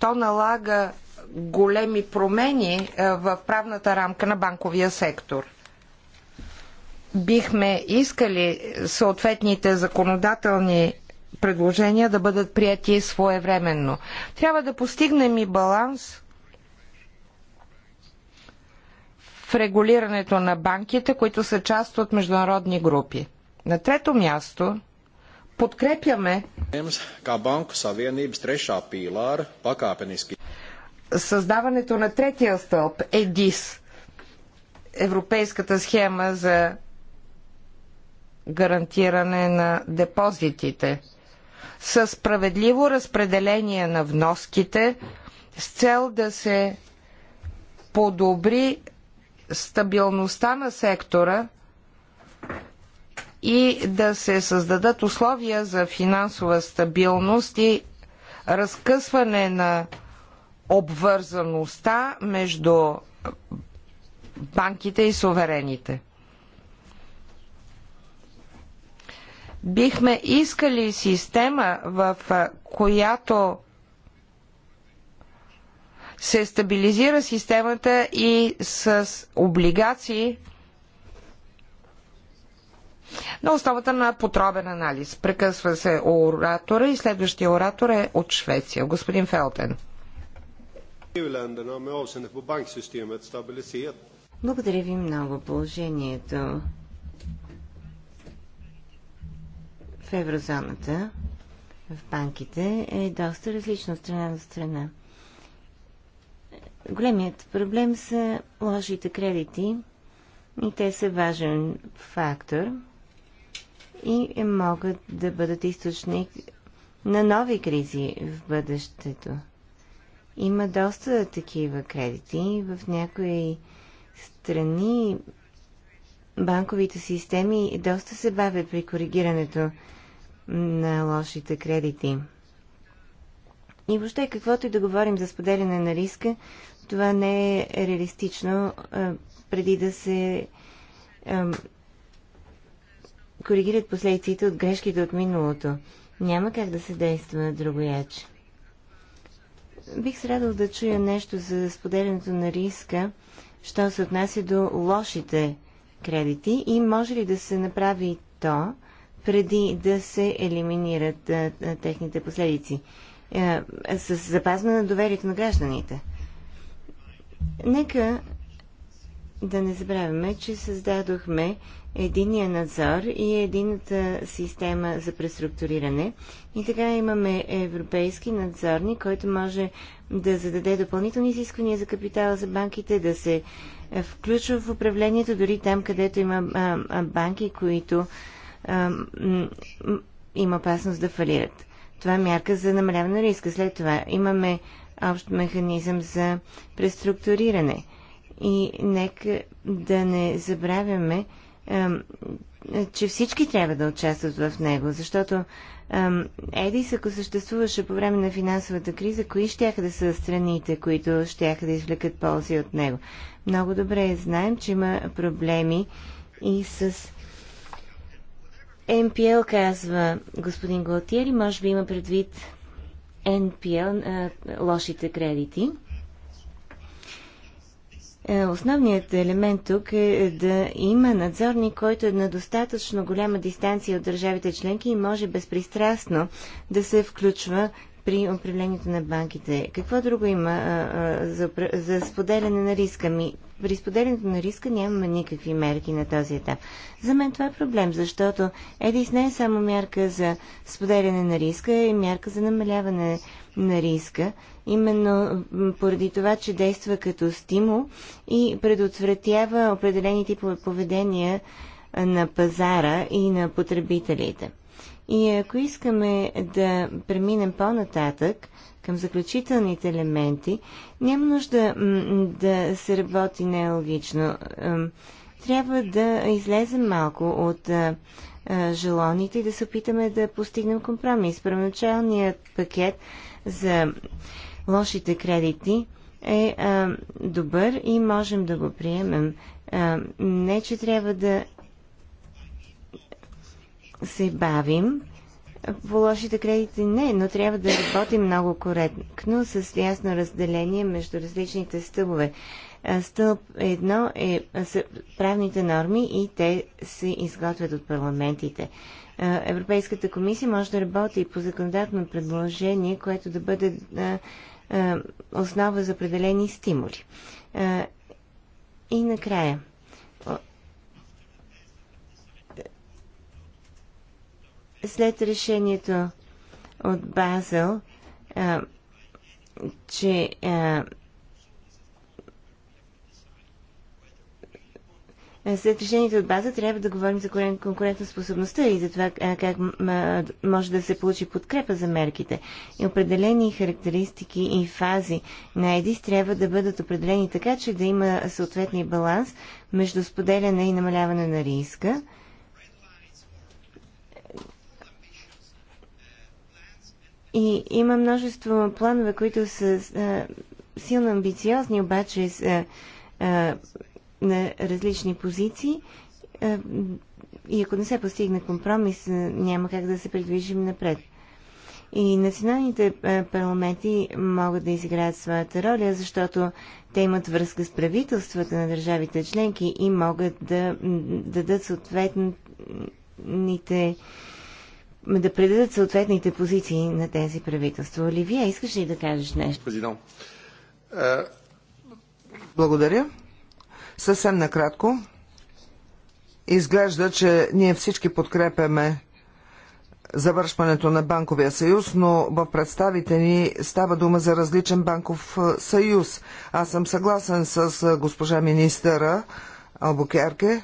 то налага големи промени е, в правната рамка на банковия сектор. Бихме искали съответните законодателни предложения да бъдат прияти своевременно. Трябва да постигнем и баланс в регулирането на банките, които са част от международни групи. На трето място подкрепяме създаването на третия стълб ЕДИС, Европейската схема за гарантиране на депозитите, със справедливо разпределение на вноските с цел да се подобри стабилността на сектора и да се създадат условия за финансова стабилност и разкъсване на обвързаността между банките и суверените. Бихме искали система, в която се стабилизира системата и с облигации на основата на подробен анализ. Прекъсва се оратора и следващия оратор е от Швеция, господин Фелтен. Благодаря ви много. Положението в еврозоната, в банките, е доста различно от страна до страна. Големият проблем са лошите кредити и те са важен фактор и могат да бъдат източник на нови кризи в бъдещето. Има доста такива кредити. В някои страни банковите системи доста се бавят при коригирането на лошите кредити. И въобще, каквото и да говорим за споделяне на риска, това не е реалистично а, преди да се а, коригират последиците от грешките от миналото. Няма как да се действа на другояче. Бих се радвал да чуя нещо за споделянето на риска, що се отнася до лошите кредити и може ли да се направи то преди да се елиминират а, а, техните последици а, с запазване на доверието на гражданите. Нека да не забравяме, че създадохме единия надзор и едината система за преструктуриране. И така имаме европейски надзорник, който може да зададе допълнителни изисквания за капитала за банките, да се е, включва в управлението, дори там, където има банки, които има опасност да фалират. Това е мярка за намаляване на риска. След това имаме общ механизъм за преструктуриране. И нека да не забравяме, че всички трябва да участват в него, защото Едис, ако съществуваше по време на финансовата криза, кои ще да са страните, които ще да извлекат ползи от него? Много добре знаем, че има проблеми и с НПЛ, казва господин Галтиери, може би има предвид НПЛ, е, лошите кредити – е, основният елемент тук е да има надзорник, който е на достатъчно голяма дистанция от държавите членки и може безпристрастно да се включва при управлението на банките. Какво друго има за, за споделяне на риска? Ми, при споделянето на риска нямаме никакви мерки на този етап. За мен това е проблем, защото ЕДИС не е само мярка за споделяне на риска, е мярка за намаляване на риска, именно поради това, че действа като стимул и предотвратява определени типове поведения на пазара и на потребителите. И ако искаме да преминем по-нататък към заключителните елементи, няма нужда да се работи нелогично. Трябва да излезем малко от е, желаните и да се опитаме да постигнем компромис. Първоначалният пакет за лошите кредити е а, е, добър и можем да го приемем. А, е, не, че трябва да се бавим. По лошите кредити не, но трябва да работим много коректно, с ясно разделение между различните стъбове. Е, стълб едно е, са правните норми и те се изготвят от парламентите. Е, Европейската комисия може да работи и по законодателно предложение, което да бъде е, основа за определени стимули. И накрая. След решението от Базел, че след решението от база трябва да говорим за конкурентоспособността и за това как може да се получи подкрепа за мерките. И определени характеристики и фази на ЕДИС трябва да бъдат определени така, че да има съответния баланс между споделяне и намаляване на риска. И има множество планове, които са силно амбициозни, обаче са на различни позиции е, и ако не се постигне компромис, е, няма как да се придвижим напред. И националните е, парламенти могат да изиграят своята роля, защото те имат връзка с правителствата на държавите членки и могат да дадат съответните да предадат съответните позиции на тези правителства. Оливия, искаш ли да кажеш нещо? Президент. Благодаря. Съвсем накратко, изглежда, че ние всички подкрепяме завършването на банковия съюз, но в представите ни става дума за различен банков съюз. Аз съм съгласен с госпожа министъра Албукерке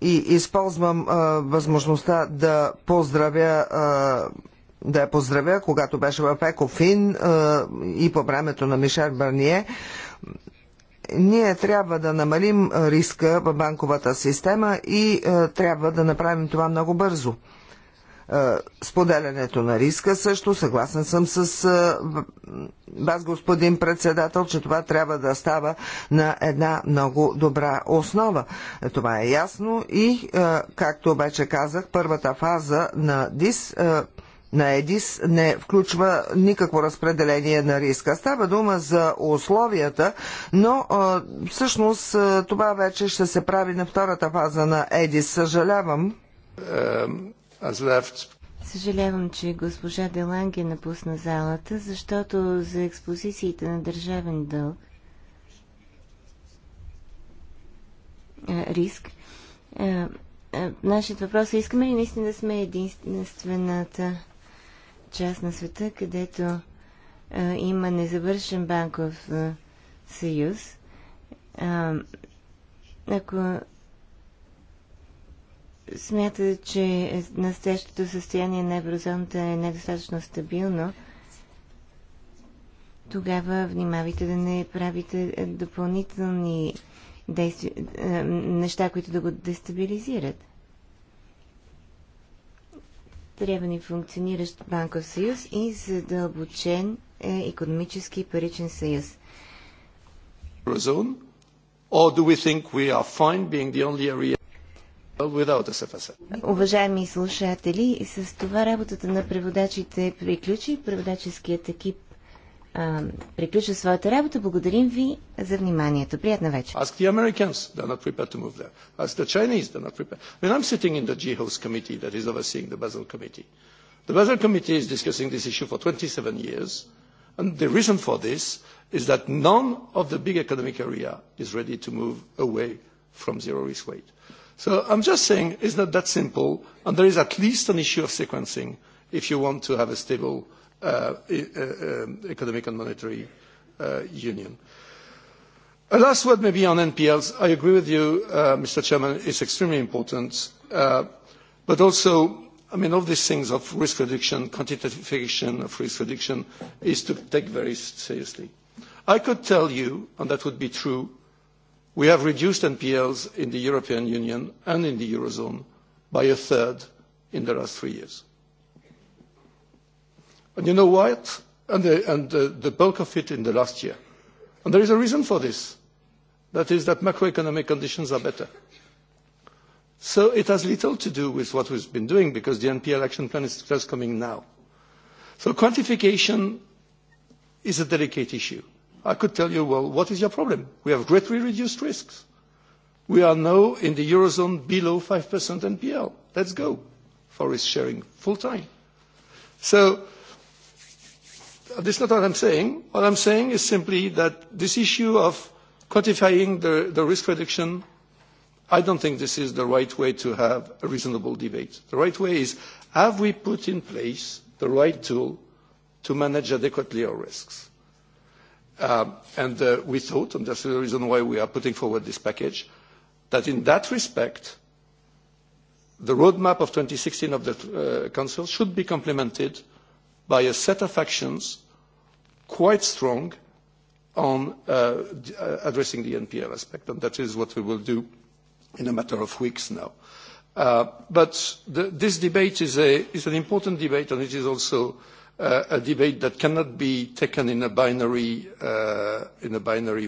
и използвам а, възможността да поздравя а, да я поздравя, когато беше в Екофин а, и по времето на Мишер Барние ние трябва да намалим риска в банковата система и е, трябва да направим това много бързо. Е, споделянето на риска също, съгласен съм с е, вас, господин председател, че това трябва да става на една много добра основа. Това е ясно и, както вече казах, първата фаза на ДИС – на ЕДИС не включва никакво разпределение на риска. Става дума за условията, но всъщност това вече ще се прави на втората фаза на ЕДИС. Съжалявам. Съжалявам, че госпожа Деланге напусна залата, защото за експозициите на държавен дълг риск. Нашият въпрос е, искаме ли наистина да сме единствената част на света, където а, има незавършен банков а, съюз, а, ако смятате, че настоящото състояние на еврозоната е недостатъчно стабилно, тогава внимавайте да не правите допълнителни действия, неща, които да го дестабилизират. Трябва ни функциониращ банков съюз и задълбочен е економически и паричен съюз. Уважаеми слушатели, с това работата на преводачите приключи. Преводаческият екип а, приключва своята работа. Благодарим ви за вниманието. Приятна вечер. Ask the Americans, they're not prepared to move there. Ask the Chinese, they're not prepared. When I'm sitting in the G GHOS committee that is overseeing the Basel committee, the Basel committee is discussing this issue for 27 years, and the reason for this is that none of the big economic area is ready to move away from zero risk weight. So I'm just saying it's not that simple, and there is at least an issue of sequencing if you want to have a stable economic and monetary union. A last word maybe on NPLs. I agree with you, Mr. Chairman, it's extremely important. but also, I mean, all these things of risk reduction, quantification of risk reduction is to take very seriously. I could tell you, and that would be true, we have reduced NPLs in the European Union and in the Eurozone by a third in the last three years. And you know what? And, the, and the, the bulk of it in the last year. And there is a reason for this. That is that macroeconomic conditions are better. So it has little to do with what we've been doing because the NPL action plan is just coming now. So quantification is a delicate issue. I could tell you, well, what is your problem? We have greatly reduced risks. We are now in the Eurozone below 5% NPL. Let's go for risk sharing full time. So that's not what I'm saying. What I'm saying is simply that this issue of quantifying the, the risk reduction, I don't think this is the right way to have a reasonable debate. The right way is, have we put in place the right tool to manage adequately our risks? and we thought, and that's the reason why we are putting forward this package, that in that respect, the roadmap of sixteen of the Council should be complemented by a set of actions quite strong on addressing the NPL aspect, and that is what we will do in a matter of weeks now. But this debate is an important debate, and it is also a debate that cannot be taken in a binary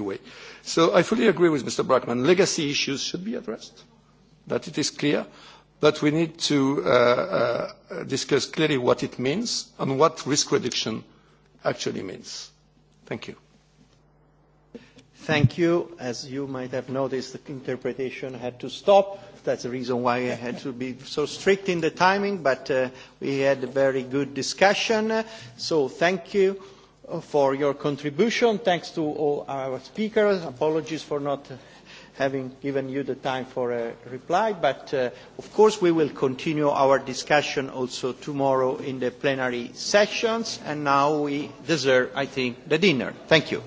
way. So I fully agree with Mr. Brackman. Legacy issues should be addressed, that it is clear, but we need to discuss clearly what it means and what risk reduction actually means. Thank you. Thank you. As you might have noticed, the interpretation had to stop. That's the reason why I had to be so strict in the timing, but uh, we had a very good discussion. So thank you for your contribution. Thanks to all our speakers. Apologies for not having given you the time for a reply, but of course we will continue our discussion also tomorrow in the plenary sessions, and now we deserve, I think, the dinner. Thank you.